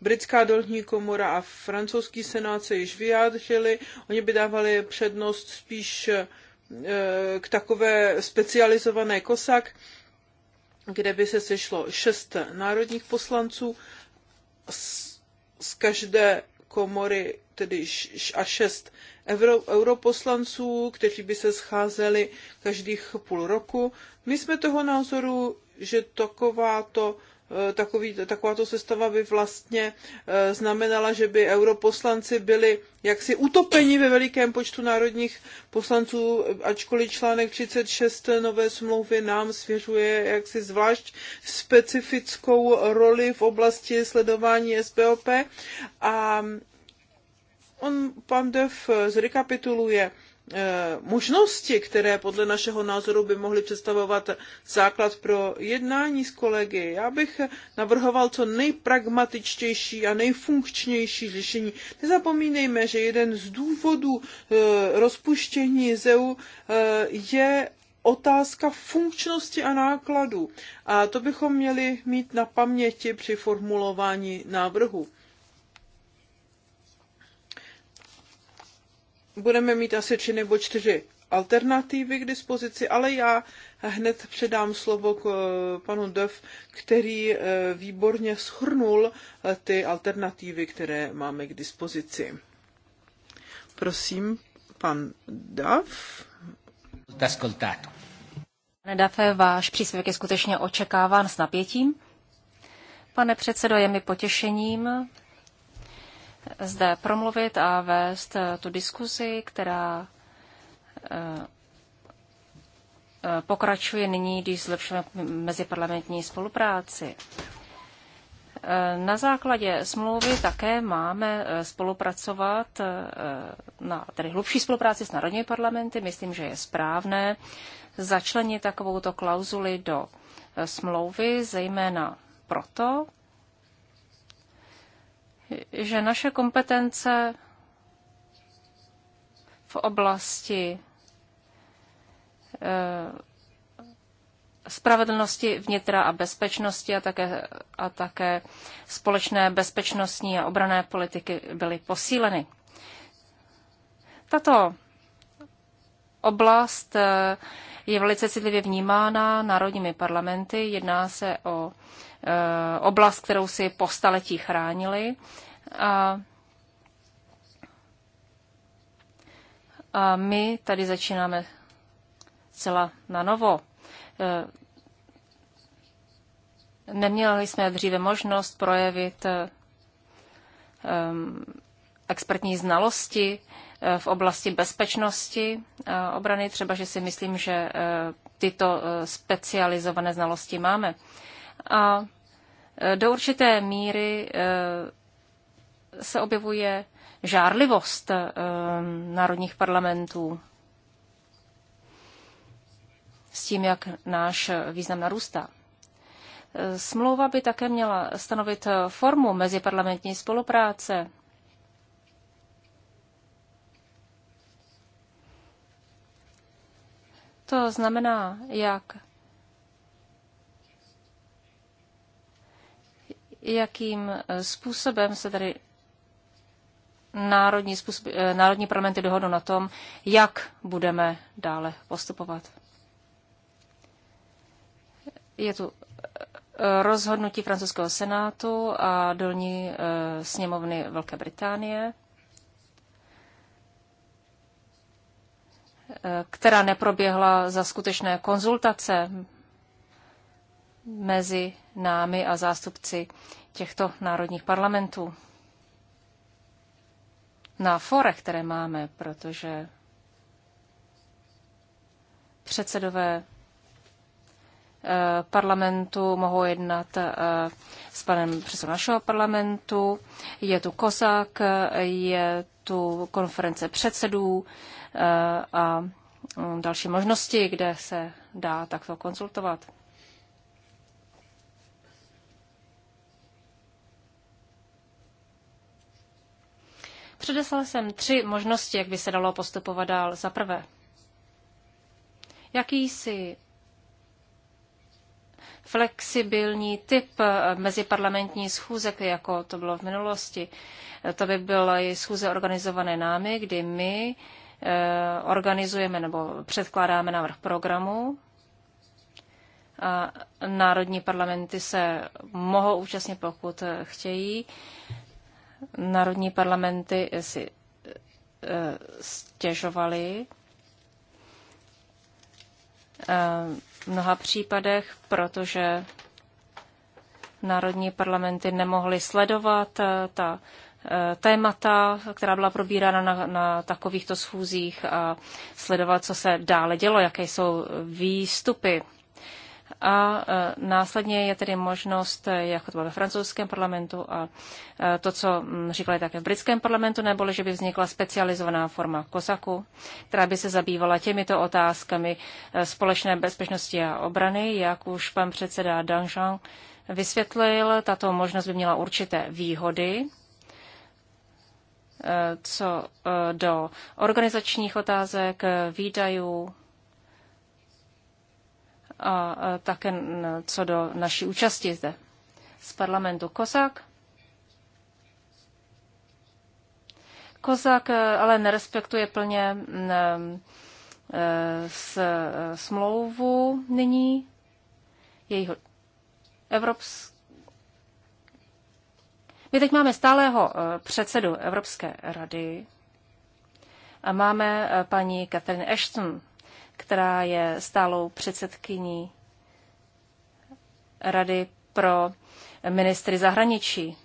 britská dolní komora a francouzský senát se již vyjádřili, oni by dávali přednost spíš e, k takové specializované kosak, kde by se sešlo šest národních poslanců z, z každé komory, tedy š, a šest euro, europoslanců, kteří by se scházeli každých půl roku. My jsme toho názoru, že takováto to Eh, takový, takováto sestava by vlastně eh, znamenala, že by europoslanci byli jaksi utopeni ve velikém počtu národních poslanců, ačkoliv článek 36 nové smlouvy nám svěřuje jaksi zvlášť specifickou roli v oblasti sledování SPOP a on pan Dev eh, zrekapituluje Eh, možnosti, které podle našeho názoru by mohly představovat základ pro jednání s kolegy. Já bych navrhoval co nejpragmatičtější a nejfunkčnější řešení. Nezapomínejme, že jeden z důvodů eh, rozpuštění ZEU eh, je otázka funkčnosti a nákladů. A to bychom měli mít na paměti při formulování návrhu. budeme mít asi tři nebo čtyři alternativy k dispozici, ale já hned předám slovo k eh, panu Dov, který eh, výborně schrnul eh, ty alternativy, které máme k dispozici. Prosím, pan Dav. Pane Dafe, váš příspěvek je skutečně očekáván s napětím. Pane předsedo, je mi potěšením zde promluvit a vést eh, tu diskuzi, která eh, eh, pokračuje nyní, když zlepšujeme meziparlamentní spolupráci. Na základě smlouvy také máme spolupracovat na tedy hlubší spolupráci s národními parlamenty. Myslím, že je správné začlenit takovouto klauzuli do smlouvy, zejména proto, že naše kompetence v oblasti eh, spravedlnosti vnitra a bezpečnosti a také, a také společné bezpečnostní a obrané politiky byly posíleny. Tato oblast eh, je velice citlivě vnímána národními parlamenty. Jedná se o Eh, oblast, kterou si po staletí chránili. A A my tady začínáme celá na novo. Eh, neměli jsme dříve možnost projevit eh, expertní znalosti v oblasti bezpečnosti a obrany, třeba že si myslím, že tyto specializované znalosti máme a e, do určité míry e, se objevuje žárlivost e, národních parlamentů s tím, jak náš význam narůstá. Smlouva by také měla stanovit formu meziparlamentní spolupráce. To znamená, jak jakým eh, způsobem se tady národní, způsob, eh, národní parlamenty dohodnou na tom, jak budeme dále postupovat. Je tu eh, rozhodnutí francouzského senátu a dolní sněmovny Velké Británie, která neproběhla za skutečné konzultace mezi námi a zástupci těchto národních parlamentů na forech, které máme, protože předsedové eh, parlamentu mohou jednat eh, s panem předsedou našeho parlamentu, je tu Kozák, je tu konference předsedů eh, a mm, další možnosti, kde se dá takto konzultovat. Předeslal jsem tři možnosti, jak by se dalo postupovat dál. Za prvé, jakýsi flexibilní typ meziparlamentní schůzek, jako to bylo v minulosti. To by i schůze organizované námi, kdy my eh, organizujeme nebo předkládáme návrh programu. A národní parlamenty se mohou účastnit, pokud eh, chtějí národní parlamenty si eh, stěžovaly eh, v mnoha případech, protože národní parlamenty nemohly sledovat eh, ta témata, která byla probírána na, na takovýchto schůzích a sledovat, co se dále dělo, jaké jsou výstupy a e, následně je tedy možnost, jako to bylo ve francouzském parlamentu a e, to, co mm, říkali také v britském parlamentu, neboli že by vznikla specializovaná forma kosaku, která by se zabývala těmito otázkami e, společné bezpečnosti a obrany, jak už pan předseda Danjean vysvětlil, tato možnost by měla určité výhody, co do organizačních otázek, výdajů, a také co do naší účasti zde z parlamentu Kozák. Kozák e, ale nerespektuje plně e, s e, smlouvu nyní jejího evropského. My teď máme stálého předsedu Evropské rady a máme paní Catherine Ashton, která je stálou předsedkyní Rady pro ministry zahraničí.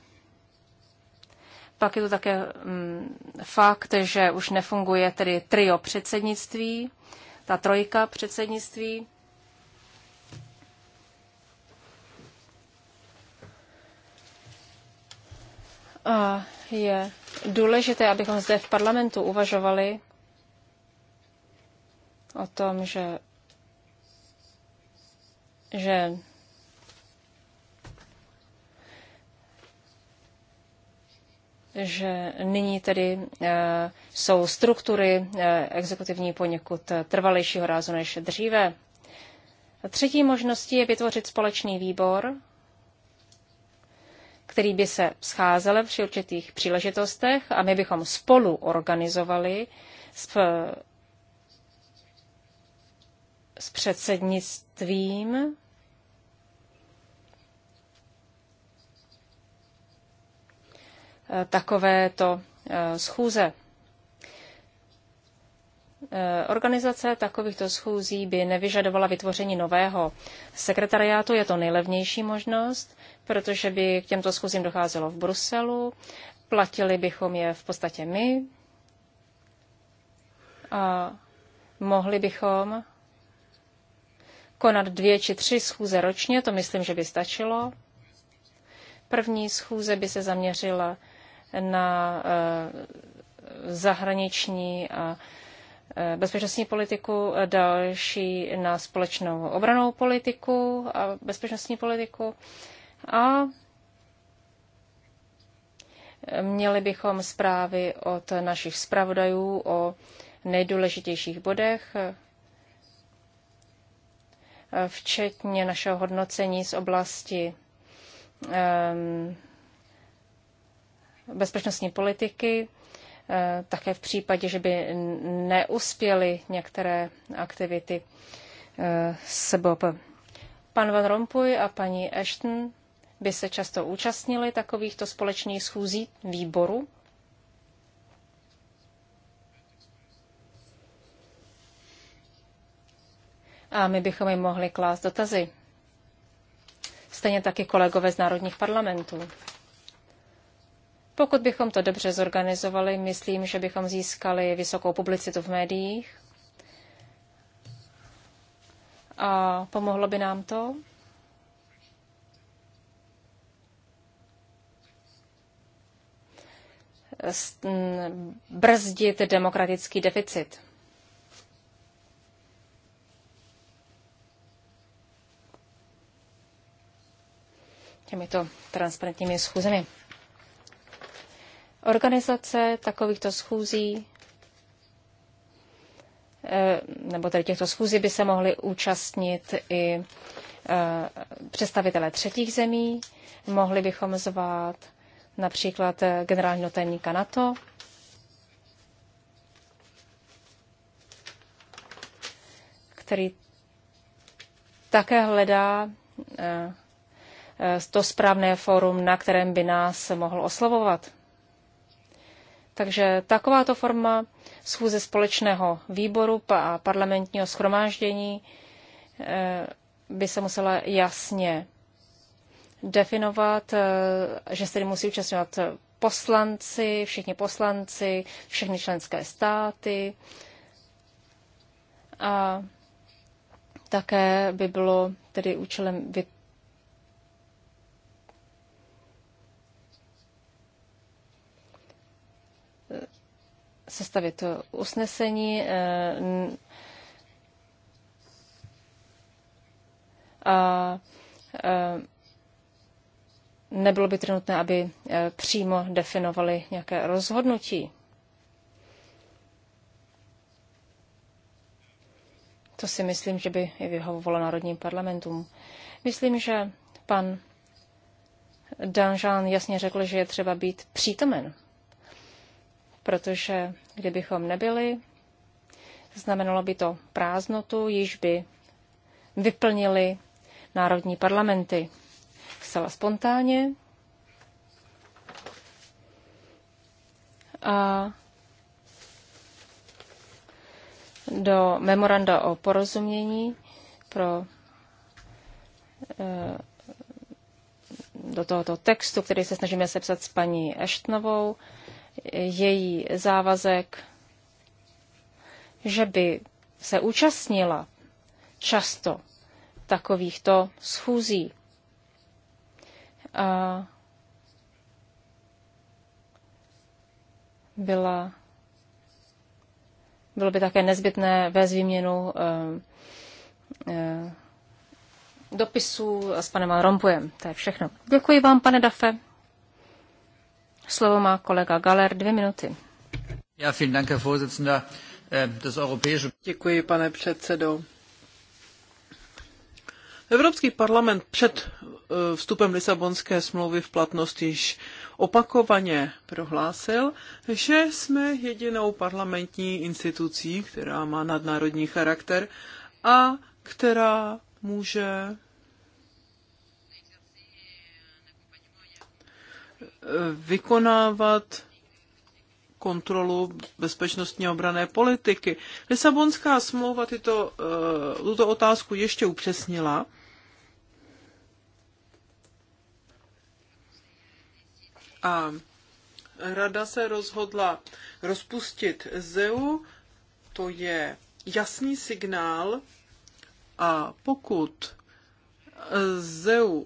Pak je tu také mm, fakt, že už nefunguje tedy trio předsednictví, ta trojka předsednictví. A je důležité, abychom zde v parlamentu uvažovali o tom, že, že že nyní tedy eh, jsou struktury eh, exekutivní poněkud eh, trvalejšího rázu než dříve. Třetí možností je vytvořit společný výbor, který by se scházel při určitých příležitostech a my bychom spolu organizovali s předsednictvím. Eh, takovéto eh, schůze. Eh, organizace takovýchto schůzí by nevyžadovala vytvoření nového sekretariátu, je to nejlevnější možnost, protože by k těmto schůzím docházelo v Bruselu, platili bychom je v podstatě my a mohli bychom konat dvě či tři schůze ročně, to myslím, že by stačilo. První schůze by se zaměřila na eh, zahraniční a eh, bezpečnostní politiku, další na společnou obranou politiku a bezpečnostní politiku. A měli bychom zprávy od našich zpravodajů o nejdůležitějších bodech včetně našeho hodnocení z oblasti ehm, bezpečnostní politiky, eh, také v případě, že by neuspěly některé aktivity eh, SBOP. Pan Van Rompuy a paní Ashton by se často účastnili takovýchto společných schůzí výboru a my bychom jim mohli klást dotazy. Stejně taky kolegové z národních parlamentů. Pokud bychom to dobře zorganizovali, myslím, že bychom získali vysokou publicitu v médiích a pomohlo by nám to. brzdit demokratický deficit. těmito transparentními schůzemi. Organizace takovýchto schůzí eh, nebo tedy těchto schůzí by se mohly účastnit i eh, představitelé třetích zemí. Mohli bychom zvát například eh, generálního tajemníka NATO, který také hledá Eh, to správné fórum, na kterém by nás mohl oslovovat. Takže takováto forma schůze společného výboru a parlamentního schromáždění eh, by se musela jasně definovat, eh, že se tedy musí účastňovat poslanci, všichni poslanci, všechny členské státy. A také by bylo tedy účelem sestavit usnesení eh, a eh, nebylo by to nutné, aby eh, přímo definovali nějaké rozhodnutí. To si myslím, že by i vyhovovalo národním parlamentům. Myslím, že pan Danžán jasně řekl, že je třeba být přítomen protože kdybychom nebyli, znamenalo by to prázdnotu, již by vyplnili národní parlamenty. Zcela spontánně. A do memoranda o porozumění pro eh, do tohoto textu, který se snažíme sepsat s paní Eštnovou, její závazek, že by se účastnila často takovýchto schůzí. A byla, bylo by také nezbytné vést výměnu e, e, dopisů s panem Rompujem. To je všechno. Děkuji vám, pane Dafe. Slovo má kolega Galer, dvě minuty. Ja, vielen Dank, Herr Vorsitzender. Ähm, das europäische... Děkuji, pane předsedo. Evropský parlament před e, vstupem Lisabonské smlouvy v platnost již opakovaně prohlásil, že jsme jedinou parlamentní institucí, která má nadnárodní charakter a která může vykonávat kontrolu bezpečnostní obrané politiky. Lisabonská smlouva tyto, eh, tuto otázku ještě upřesnila. A rada se rozhodla rozpustit ZEU, to je jasný signál a pokud ZEU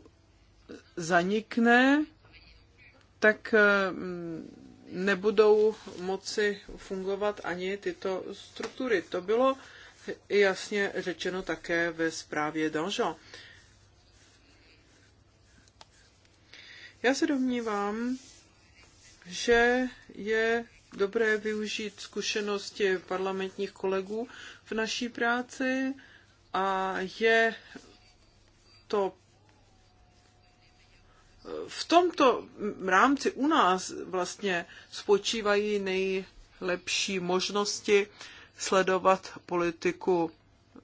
zanikne, tak eh, nebudou moci fungovat ani tyto struktury. To bylo jasně řečeno také ve zprávě Danjean. Já se domnívám, že je dobré využít zkušenosti parlamentních kolegů v naší práci a je to v tomto rámci u nás vlastně spočívají nejlepší možnosti sledovat politiku,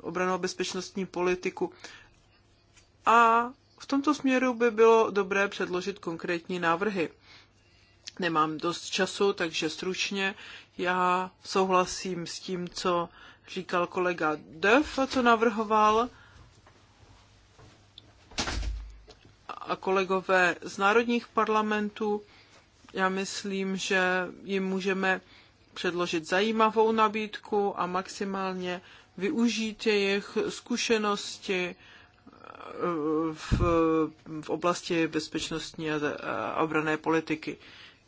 obranou bezpečnostní politiku. A v tomto směru by bylo dobré předložit konkrétní návrhy. Nemám dost času, takže stručně já souhlasím s tím, co říkal kolega Dev a co navrhoval. a kolegové z národních parlamentů. Já myslím, že jim můžeme předložit zajímavou nabídku a maximálně využít jejich zkušenosti eh, v, v oblasti bezpečnostní a obrané politiky.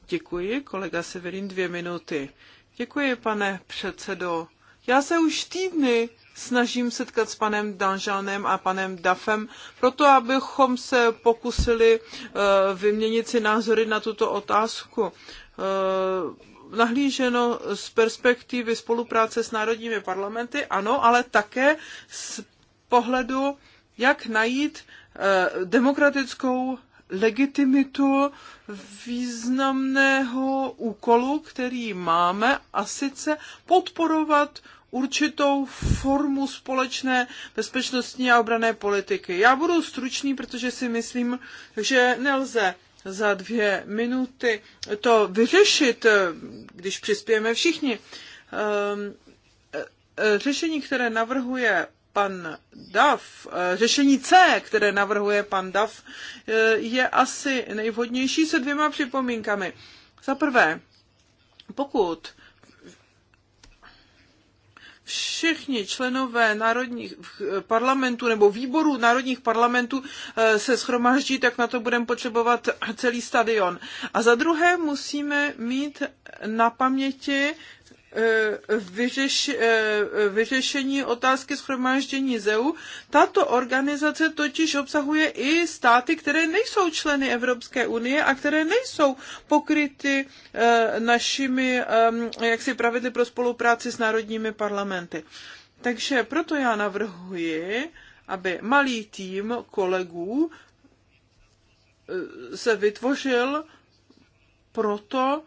Děkuji, kolega Severin, dvě minuty. Děkuji, pane předsedo. Já se už týdny snažím setkat s panem Danžanem a panem Dafem, proto abychom se pokusili eh, vyměnit si názory na tuto otázku eh, nahlíženo z perspektivy spolupráce s národními parlamenty, ano, ale také z pohledu, jak najít eh, demokratickou legitimitu významného úkolu, který máme, a sice podporovat určitou formu společné bezpečnostní a obrané politiky. Já budu stručný, protože si myslím, že nelze za dvě minuty to vyřešit, když přispějeme všichni. Ehm, e, e, řešení, které navrhuje pan Duff, e, řešení C, které navrhuje pan Duff, je asi nejvhodnější se dvěma připomínkami. Za prvé, pokud všichni členové národních parlamentů nebo výborů národních parlamentů eh, se schromáždí, tak na to budeme potřebovat celý stadion. A za druhé musíme mít na paměti Eh, vyřeš, eh, vyřešení otázky schromáždění ZEU. Tato organizace totiž obsahuje i státy, které nejsou členy Evropské unie a které nejsou pokryty eh, našimi jaksi pravidly pro spolupráci s národními parlamenty. Takže proto já navrhuji, aby malý tým kolegů se vytvořil proto,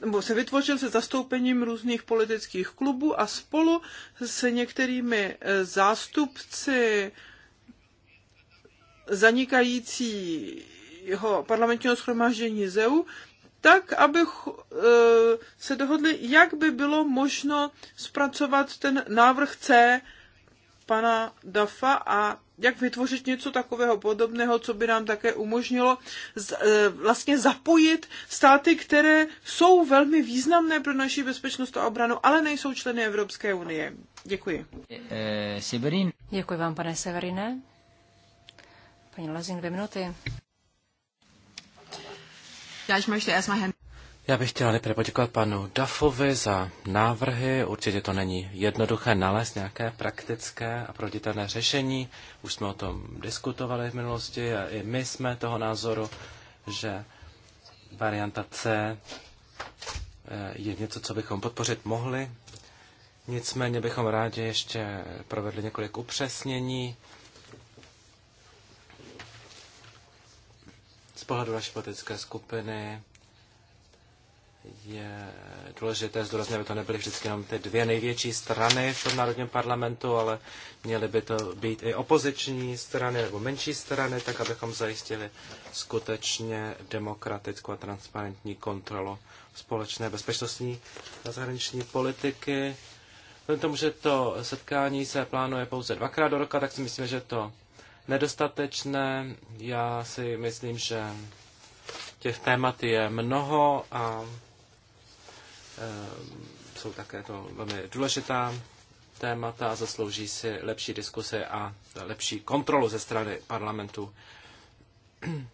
nebo se vytvořil se zastoupením různých politických klubů a spolu se některými eh, zástupci zanikajícího parlamentního schromáždění ZEU, tak, aby eh, se dohodli, jak by bylo možno zpracovat ten návrh C pana Dafa a jak vytvořit něco takového podobného, co by nám také umožnilo z, e, vlastně zapojit státy, které jsou velmi významné pro naši bezpečnost a obranu, ale nejsou členy Evropské unie. Děkuji. E, e, Severin. Děkuji vám, pane Severine. Paní Lazin, dvě minuty. Já ich ještě erstmal Herrn já bych chtěla nejprve poděkovat panu Dafovi za návrhy. Určitě to není jednoduché nalézt nějaké praktické a proditelné řešení. Už jsme o tom diskutovali v minulosti a i my jsme toho názoru, že varianta C eh, je něco, co bychom podpořit mohli. Nicméně bychom rádi ještě provedli několik upřesnění. Z pohledu naší politické skupiny je důležité zdůraznit, aby to nebyly vždycky jenom ty dvě největší strany v tom Národním parlamentu, ale měly by to být i opoziční strany nebo menší strany, tak abychom zajistili skutečně demokratickou a transparentní kontrolu společné bezpečnostní a zahraniční politiky. Vzhledem tomu, že to setkání se plánuje pouze dvakrát do roka, tak si myslím, že to nedostatečné. Já si myslím, že těch témat je mnoho a Ehm, jsou také to velmi důležitá témata a zaslouží si lepší diskuse a lepší kontrolu ze strany parlamentu.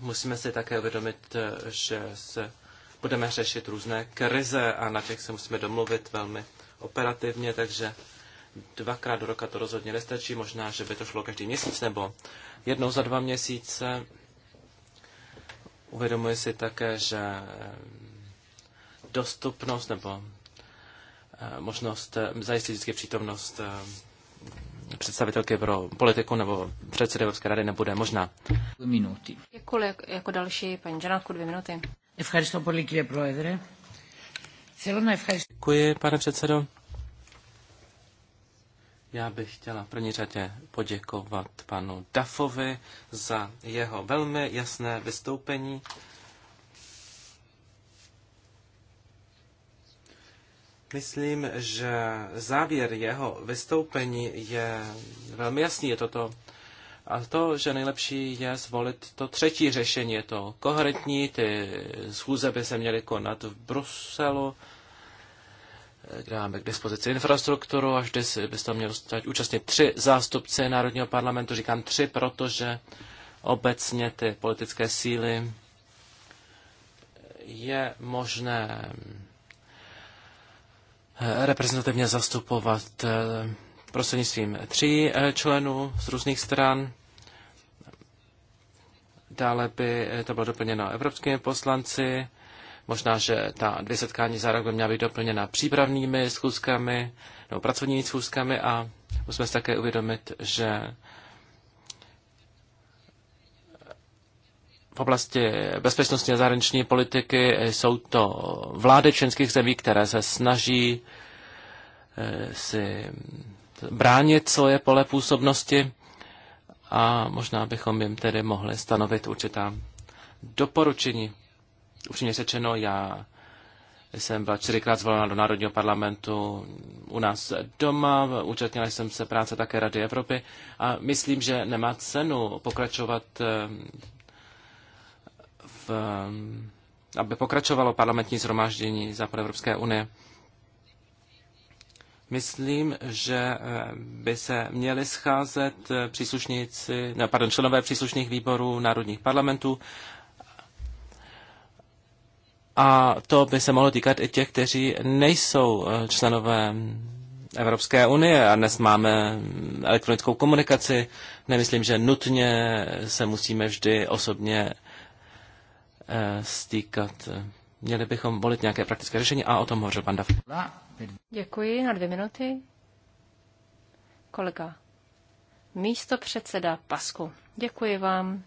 Musíme si také uvědomit, že se budeme řešit různé krize a na těch se musíme domluvit velmi operativně, takže dvakrát do roka to rozhodně nestačí, možná, že by to šlo každý měsíc nebo jednou za dva měsíce. Uvědomuji si také, že dostupnost nebo eh, možnost eh, zajistit vždycky přítomnost eh, představitelky pro politiku nebo předsedy Evropské rady nebude možná. Minuty. Děkuji jako další paní Žanátku dvě minuty. Děkuji, pane předsedo. Já bych chtěla v první řadě poděkovat panu Dafovi za jeho velmi jasné vystoupení. Myslím, že závěr jeho vystoupení je velmi jasný, je to to, A to, že nejlepší je zvolit to třetí řešení, je to koherentní, ty schůze by se měly konat v Bruselu, kde máme k dispozici infrastrukturu a vždy by se tam měli účastnit tři zástupci Národního parlamentu. Říkám tři, protože obecně ty politické síly je možné Eh, reprezentativně zastupovat eh, prostřednictvím tří eh, členů z různých stran. Dále by to bylo doplněno evropskými poslanci. Možná, že ta dvě setkání za rok by měla být doplněna přípravnými schůzkami nebo pracovními schůzkami a musíme si také uvědomit, že v oblasti bezpečnostní a zahraniční politiky jsou to vlády členských zemí, které se snaží eh, si bránit svoje pole působnosti a možná bychom jim tedy mohli stanovit určitá doporučení. Upřímně řečeno, já jsem byla čtyřikrát zvolena do Národního parlamentu u nás doma, účastnila jsem se práce také Rady Evropy a myslím, že nemá cenu pokračovat eh, v, ehm, aby pokračovalo parlamentní zhromáždění západoevropské Evropské unie. Myslím, že eh, by se měli scházet eh, příslušníci, ne, no, pardon, členové příslušných výborů národních parlamentů a to by se mohlo týkat i těch, kteří nejsou eh, členové mm, Evropské unie a dnes máme mm, elektronickou komunikaci. Nemyslím, že nutně se musíme vždy osobně Eh, stýkat. Měli bychom volit nějaké praktické řešení a o tom hovořil pan Dav. Děkuji na dvě minuty. Kolega. Místo předseda Pasku. Děkuji vám.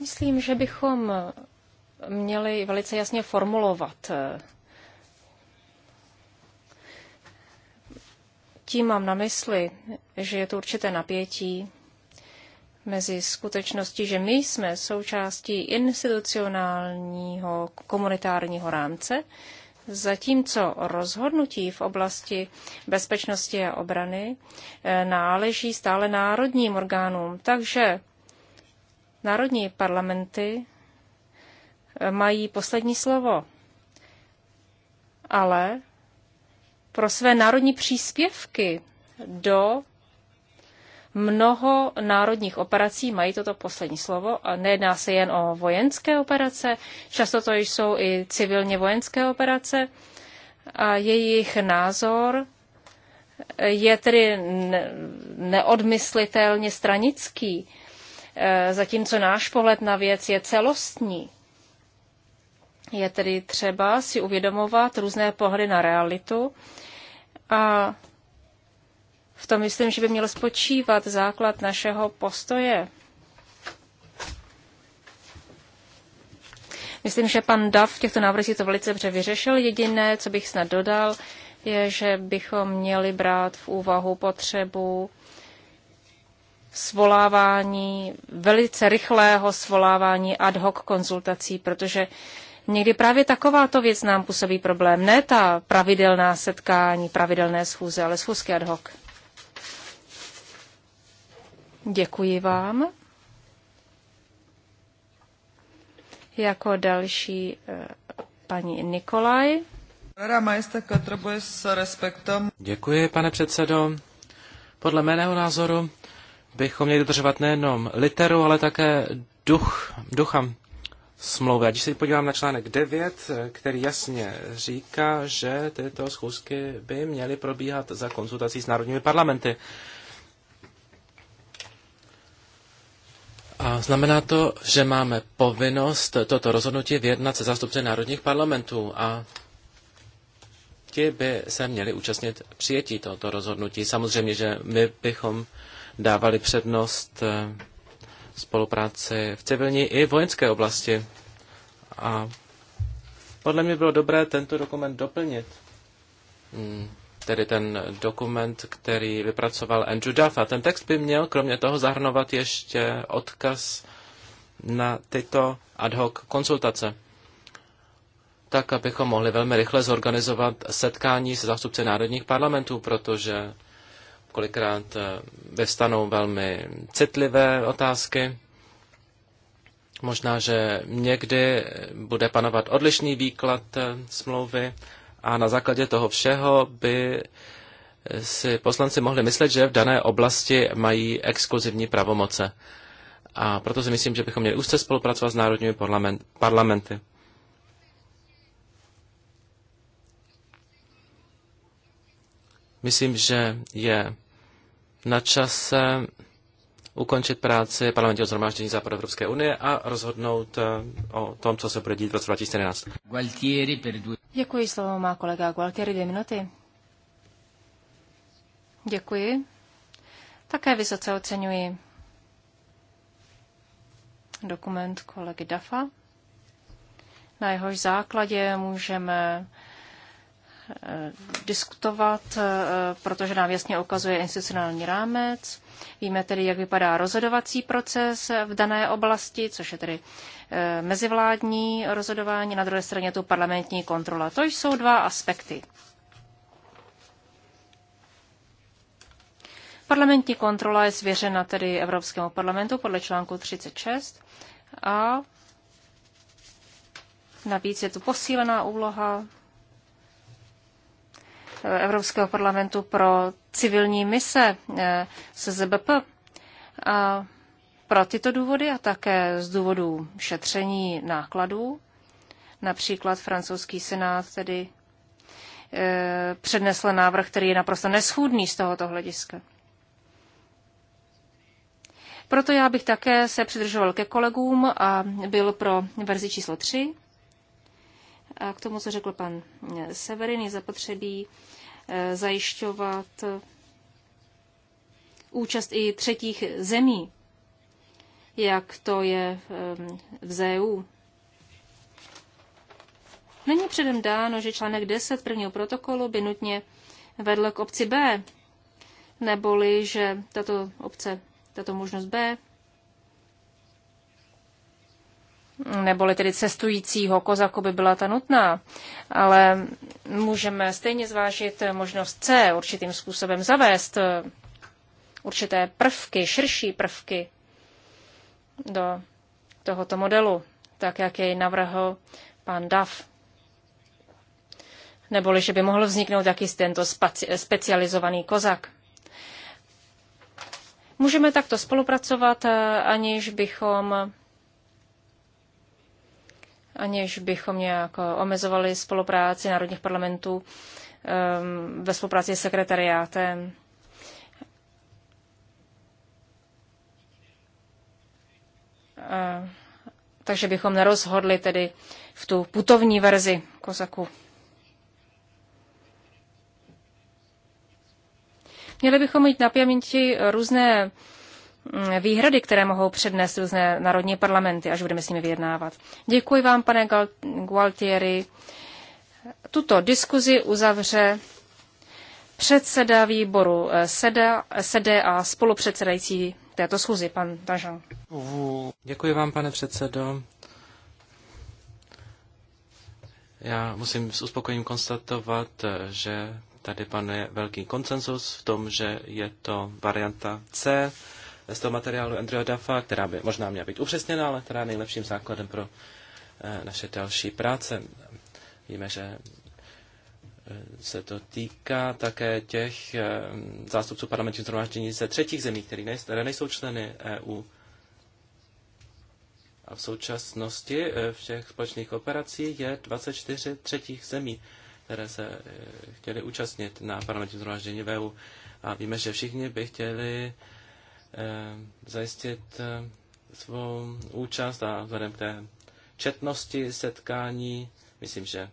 Myslím, že bychom měli velice jasně formulovat. Eh, tím mám na mysli, že je to určité napětí mezi skutečností, že my jsme součástí institucionálního komunitárního rámce, zatímco rozhodnutí v oblasti bezpečnosti a obrany eh, náleží stále národním orgánům. Takže národní parlamenty eh, mají poslední slovo. Ale pro své národní příspěvky do Mnoho národních operací mají toto poslední slovo a nejedná se jen o vojenské operace, často to jsou i civilně vojenské operace a jejich názor je tedy neodmyslitelně stranický, e, zatímco náš pohled na věc je celostní. Je tedy třeba si uvědomovat různé pohledy na realitu a v tom myslím, že by měl spočívat základ našeho postoje. Myslím, že pan Dav v těchto návrzích to velice dobře vyřešil. Jediné, co bych snad dodal, je, že bychom měli brát v úvahu potřebu svolávání, velice rychlého svolávání ad hoc konzultací, protože někdy právě takováto věc nám působí problém. Ne ta pravidelná setkání, pravidelné schůze, ale schůzky ad hoc. Děkuji vám. Jako další eh, paní Nikolaj. Děkuji, pane předsedo. Podle mého názoru bychom měli dodržovat nejenom literu, ale také duch, ducha smlouvy. A když se podívám na článek 9, eh, který jasně říká, že tyto schůzky by měly probíhat za konzultací s národními parlamenty. A znamená to, že máme povinnost toto rozhodnutí vyjednat se zástupci národních parlamentů a ti by se měli účastnit přijetí tohoto rozhodnutí. Samozřejmě, že my bychom dávali přednost eh, spolupráci v civilní i vojenské oblasti. A podle mě bylo dobré tento dokument doplnit. Hmm tedy ten dokument, který vypracoval Andrew Duff. A ten text by měl kromě toho zahrnovat ještě odkaz na tyto ad hoc konsultace tak abychom mohli velmi rychle zorganizovat setkání se zástupci národních parlamentů, protože kolikrát eh, vystanou velmi citlivé otázky. Možná, že někdy bude panovat odlišný výklad eh, smlouvy a na základě toho všeho by si poslanci mohli myslet, že v dané oblasti mají exkluzivní pravomoce. A proto si myslím, že bychom měli úzce spolupracovat s národními parlament, parlamenty. Myslím, že je na čase ukončit práci parlamentního zhromáždění Západoevropské unie a rozhodnout eh, o tom, co se bude dít v roce 2011. Děkuji, slovo má kolega Gualtieri, dvě minuty. Děkuji. Také vysoce oceňuji dokument kolegy Dafa. Na jehož základě můžeme Eh, diskutovat, eh, protože nám jasně ukazuje institucionální rámec. Víme tedy, jak vypadá rozhodovací proces v dané oblasti, což je tedy eh, mezivládní rozhodování, na druhé straně tu parlamentní kontrola. To jsou dva aspekty. Parlamentní kontrola je svěřena tedy Evropskému parlamentu podle článku 36 a navíc je tu posílená úloha Evropského parlamentu pro civilní mise eh, SZBP. A pro tyto důvody a také z důvodu šetření nákladů, například francouzský senát tedy e, přednesl návrh, který je naprosto neschůdný z tohoto hlediska. Proto já bych také se přidržoval ke kolegům a byl pro verzi číslo 3. A k tomu, co řekl pan Severin, je zapotřebí Eh, zajišťovat eh, účast i třetích zemí, jak to je eh, v ZEU. Není předem dáno, že článek 10 prvního protokolu by nutně vedl k obci B, neboli že tato obce, tato možnost B neboli tedy cestujícího kozaku by byla ta nutná, ale můžeme stejně zvážit možnost C určitým způsobem zavést eh, určité prvky, širší prvky do tohoto modelu, tak jak jej navrhl pan Duff. Neboli, že by mohl vzniknout taky tento specializovaný kozak. Můžeme takto spolupracovat, eh, aniž bychom aniž bychom nějak omezovali spolupráci národních parlamentů ve spolupráci s sekretariátem. takže bychom nerozhodli tedy v tu putovní verzi kozaku. Měli bychom mít na paměti různé Mm, výhrady, které mohou přednést různé národní parlamenty, až budeme s nimi vyjednávat. Děkuji vám, pane Gualtieri. Tuto diskuzi uzavře předseda výboru eh, seda, seda a spolupředsedající této schůzi, pan Dažan. Děkuji vám, pane předsedo. Já musím s uspokojením konstatovat, eh, že tady panuje velký konsenzus v tom, že je to varianta C z toho materiálu Andrea Dafa, která by možná měla být upřesněna, ale která je nejlepším základem pro eh, naše další práce. Víme, že eh, se to týká také těch eh, zástupců parlamentního zhromáždění ze třetích zemí, které nejsou členy EU. A v současnosti v těch společných operacích je 24 třetích zemí, které se chtěly účastnit na parlamentním zhromáždění EU. A víme, že všichni by chtěli Eh, zajistit eh, svou účast a vzhledem k té četnosti setkání, myslím, že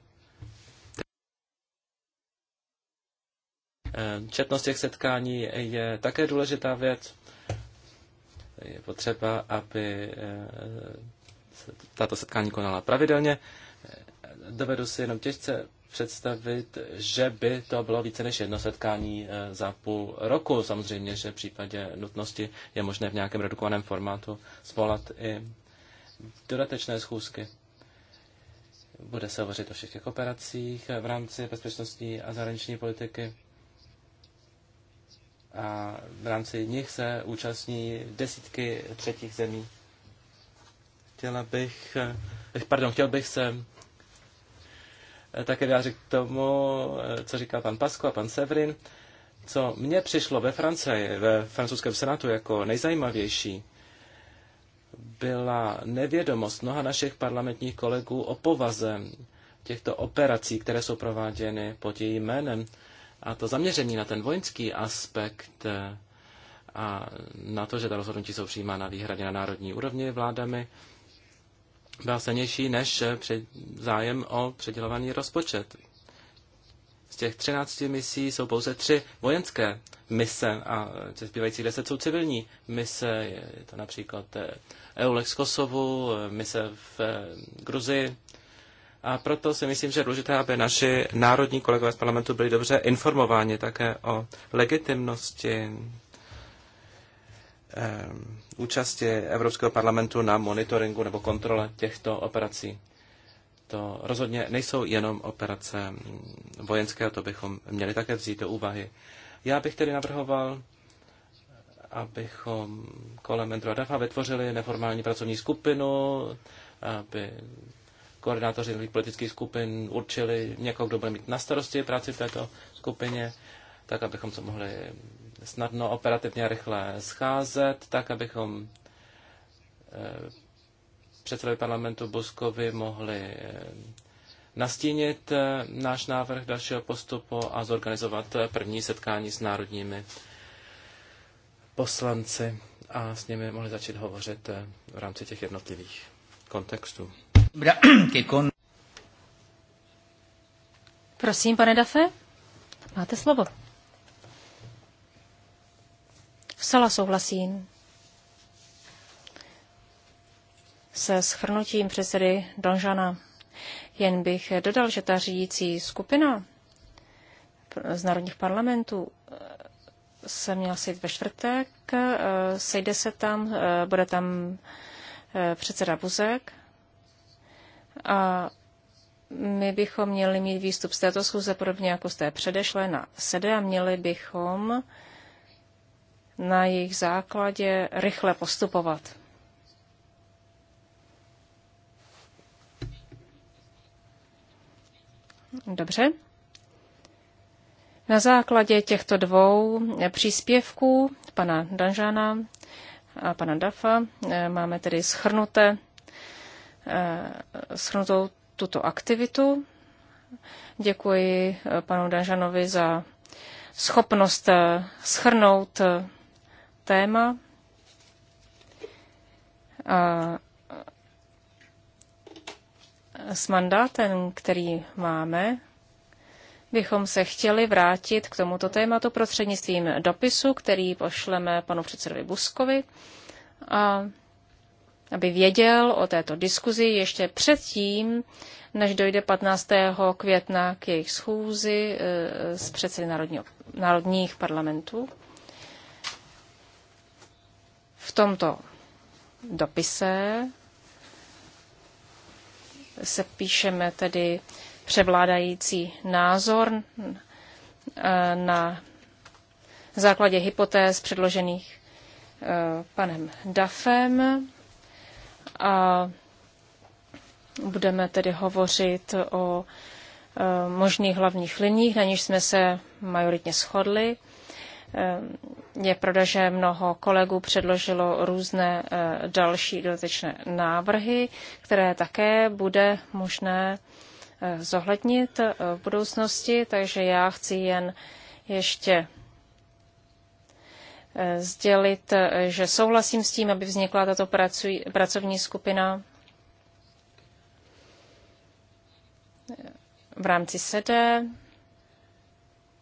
eh, Četnost těch setkání je také důležitá věc. Je potřeba, aby tato setkání konala pravidelně. Dovedu si jenom těžce představit, že by to bylo více než jedno setkání eh, za půl roku. Samozřejmě, že v případě nutnosti je možné v nějakém redukovaném formátu zvolat i dodatečné schůzky. Bude se hovořit o všech těch operacích eh, v rámci bezpečnostní a zahraniční politiky. A v rámci nich se účastní desítky třetích zemí. Chtěla bych, eh, pardon, chtěl bych se Eh, také vyjádřit k tomu, eh, co říkal pan Pasko a pan Severin. Co mně přišlo ve Francii, ve francouzském senátu jako nejzajímavější, byla nevědomost mnoha našich parlamentních kolegů o povaze těchto operací, které jsou prováděny pod jejím jménem. A to zaměření na ten vojenský aspekt eh, a na to, že ta rozhodnutí jsou přijímána výhradně na národní úrovni vládami, byla silnější než eh, zájem o předělovaný rozpočet. Z těch 13 misí jsou pouze tři vojenské mise a eh, těch zbývajících deset jsou civilní mise. Je to například eh, EULEX Kosovu, mise v Gruzii. A proto si myslím, že je důležité, aby naši národní kolegové z parlamentu byli dobře informováni také o legitimnosti účasti Evropského parlamentu na monitoringu nebo kontrole těchto operací. To rozhodně nejsou jenom operace vojenské, to bychom měli také vzít do úvahy. Já bych tedy navrhoval, abychom kolem Endro Dafa vytvořili neformální pracovní skupinu, aby koordinátoři politických skupin určili někoho, kdo bude mít na starosti práci v této skupině, tak abychom se mohli snadno operativně a rychle scházet, tak abychom eh, předsedovi parlamentu Buskovi mohli eh, nastínit eh, náš návrh dalšího postupu a zorganizovat první setkání s národními poslanci a s nimi mohli začít hovořit v rámci těch jednotlivých kontextů. Prosím, pane Dafe, máte slovo. Vcela souhlasím se schrnutím předsedy Donžana. Jen bych dodal, že ta řídící skupina z národních parlamentů eh, se měla sejít ve čtvrtek, eh, sejde se tam, eh, bude tam předseda Buzek a my bychom měli mít výstup z této schůze podobně jako z té předešlé na sede a měli bychom na jejich základě rychle postupovat. Dobře. Na základě těchto dvou příspěvků pana Danžana a pana Dafa eh, máme tedy schrnuté, eh, schrnutou tuto aktivitu. Děkuji eh, panu Danžanovi za schopnost schrnout téma. A s mandátem, který máme, bychom se chtěli vrátit k tomuto tématu prostřednictvím dopisu, který pošleme panu předsedovi Buskovi, a aby věděl o této diskuzi ještě předtím, než dojde 15. května k jejich schůzi e, s předsedy národního, národních parlamentů. V tomto dopise se píšeme tedy převládající názor eh, na základě hypotéz předložených eh, panem Dafem a budeme tedy hovořit o eh, možných hlavních liních, na níž jsme se majoritně shodli. Ehm, je pravda, že mnoho kolegů předložilo různé eh, další dodatečné návrhy, které také bude možné eh, zohlednit eh, v budoucnosti, takže já chci jen ještě sdělit, že souhlasím s tím, aby vznikla tato pracuj, pracovní skupina v rámci SEDE e,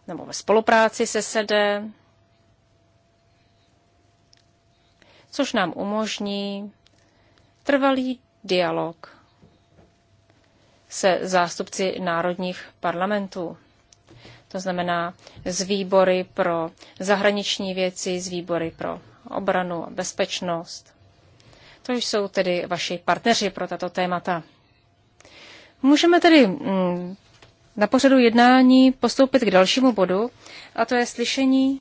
nebo ve spolupráci se SEDE. což nám umožní trvalý dialog se zástupci národních parlamentů. To znamená z výbory pro zahraniční věci, z výbory pro obranu a bezpečnost. To jsou tedy vaši partneři pro tato témata. Můžeme tedy mm, na pořadu jednání postoupit k dalšímu bodu, a to je slyšení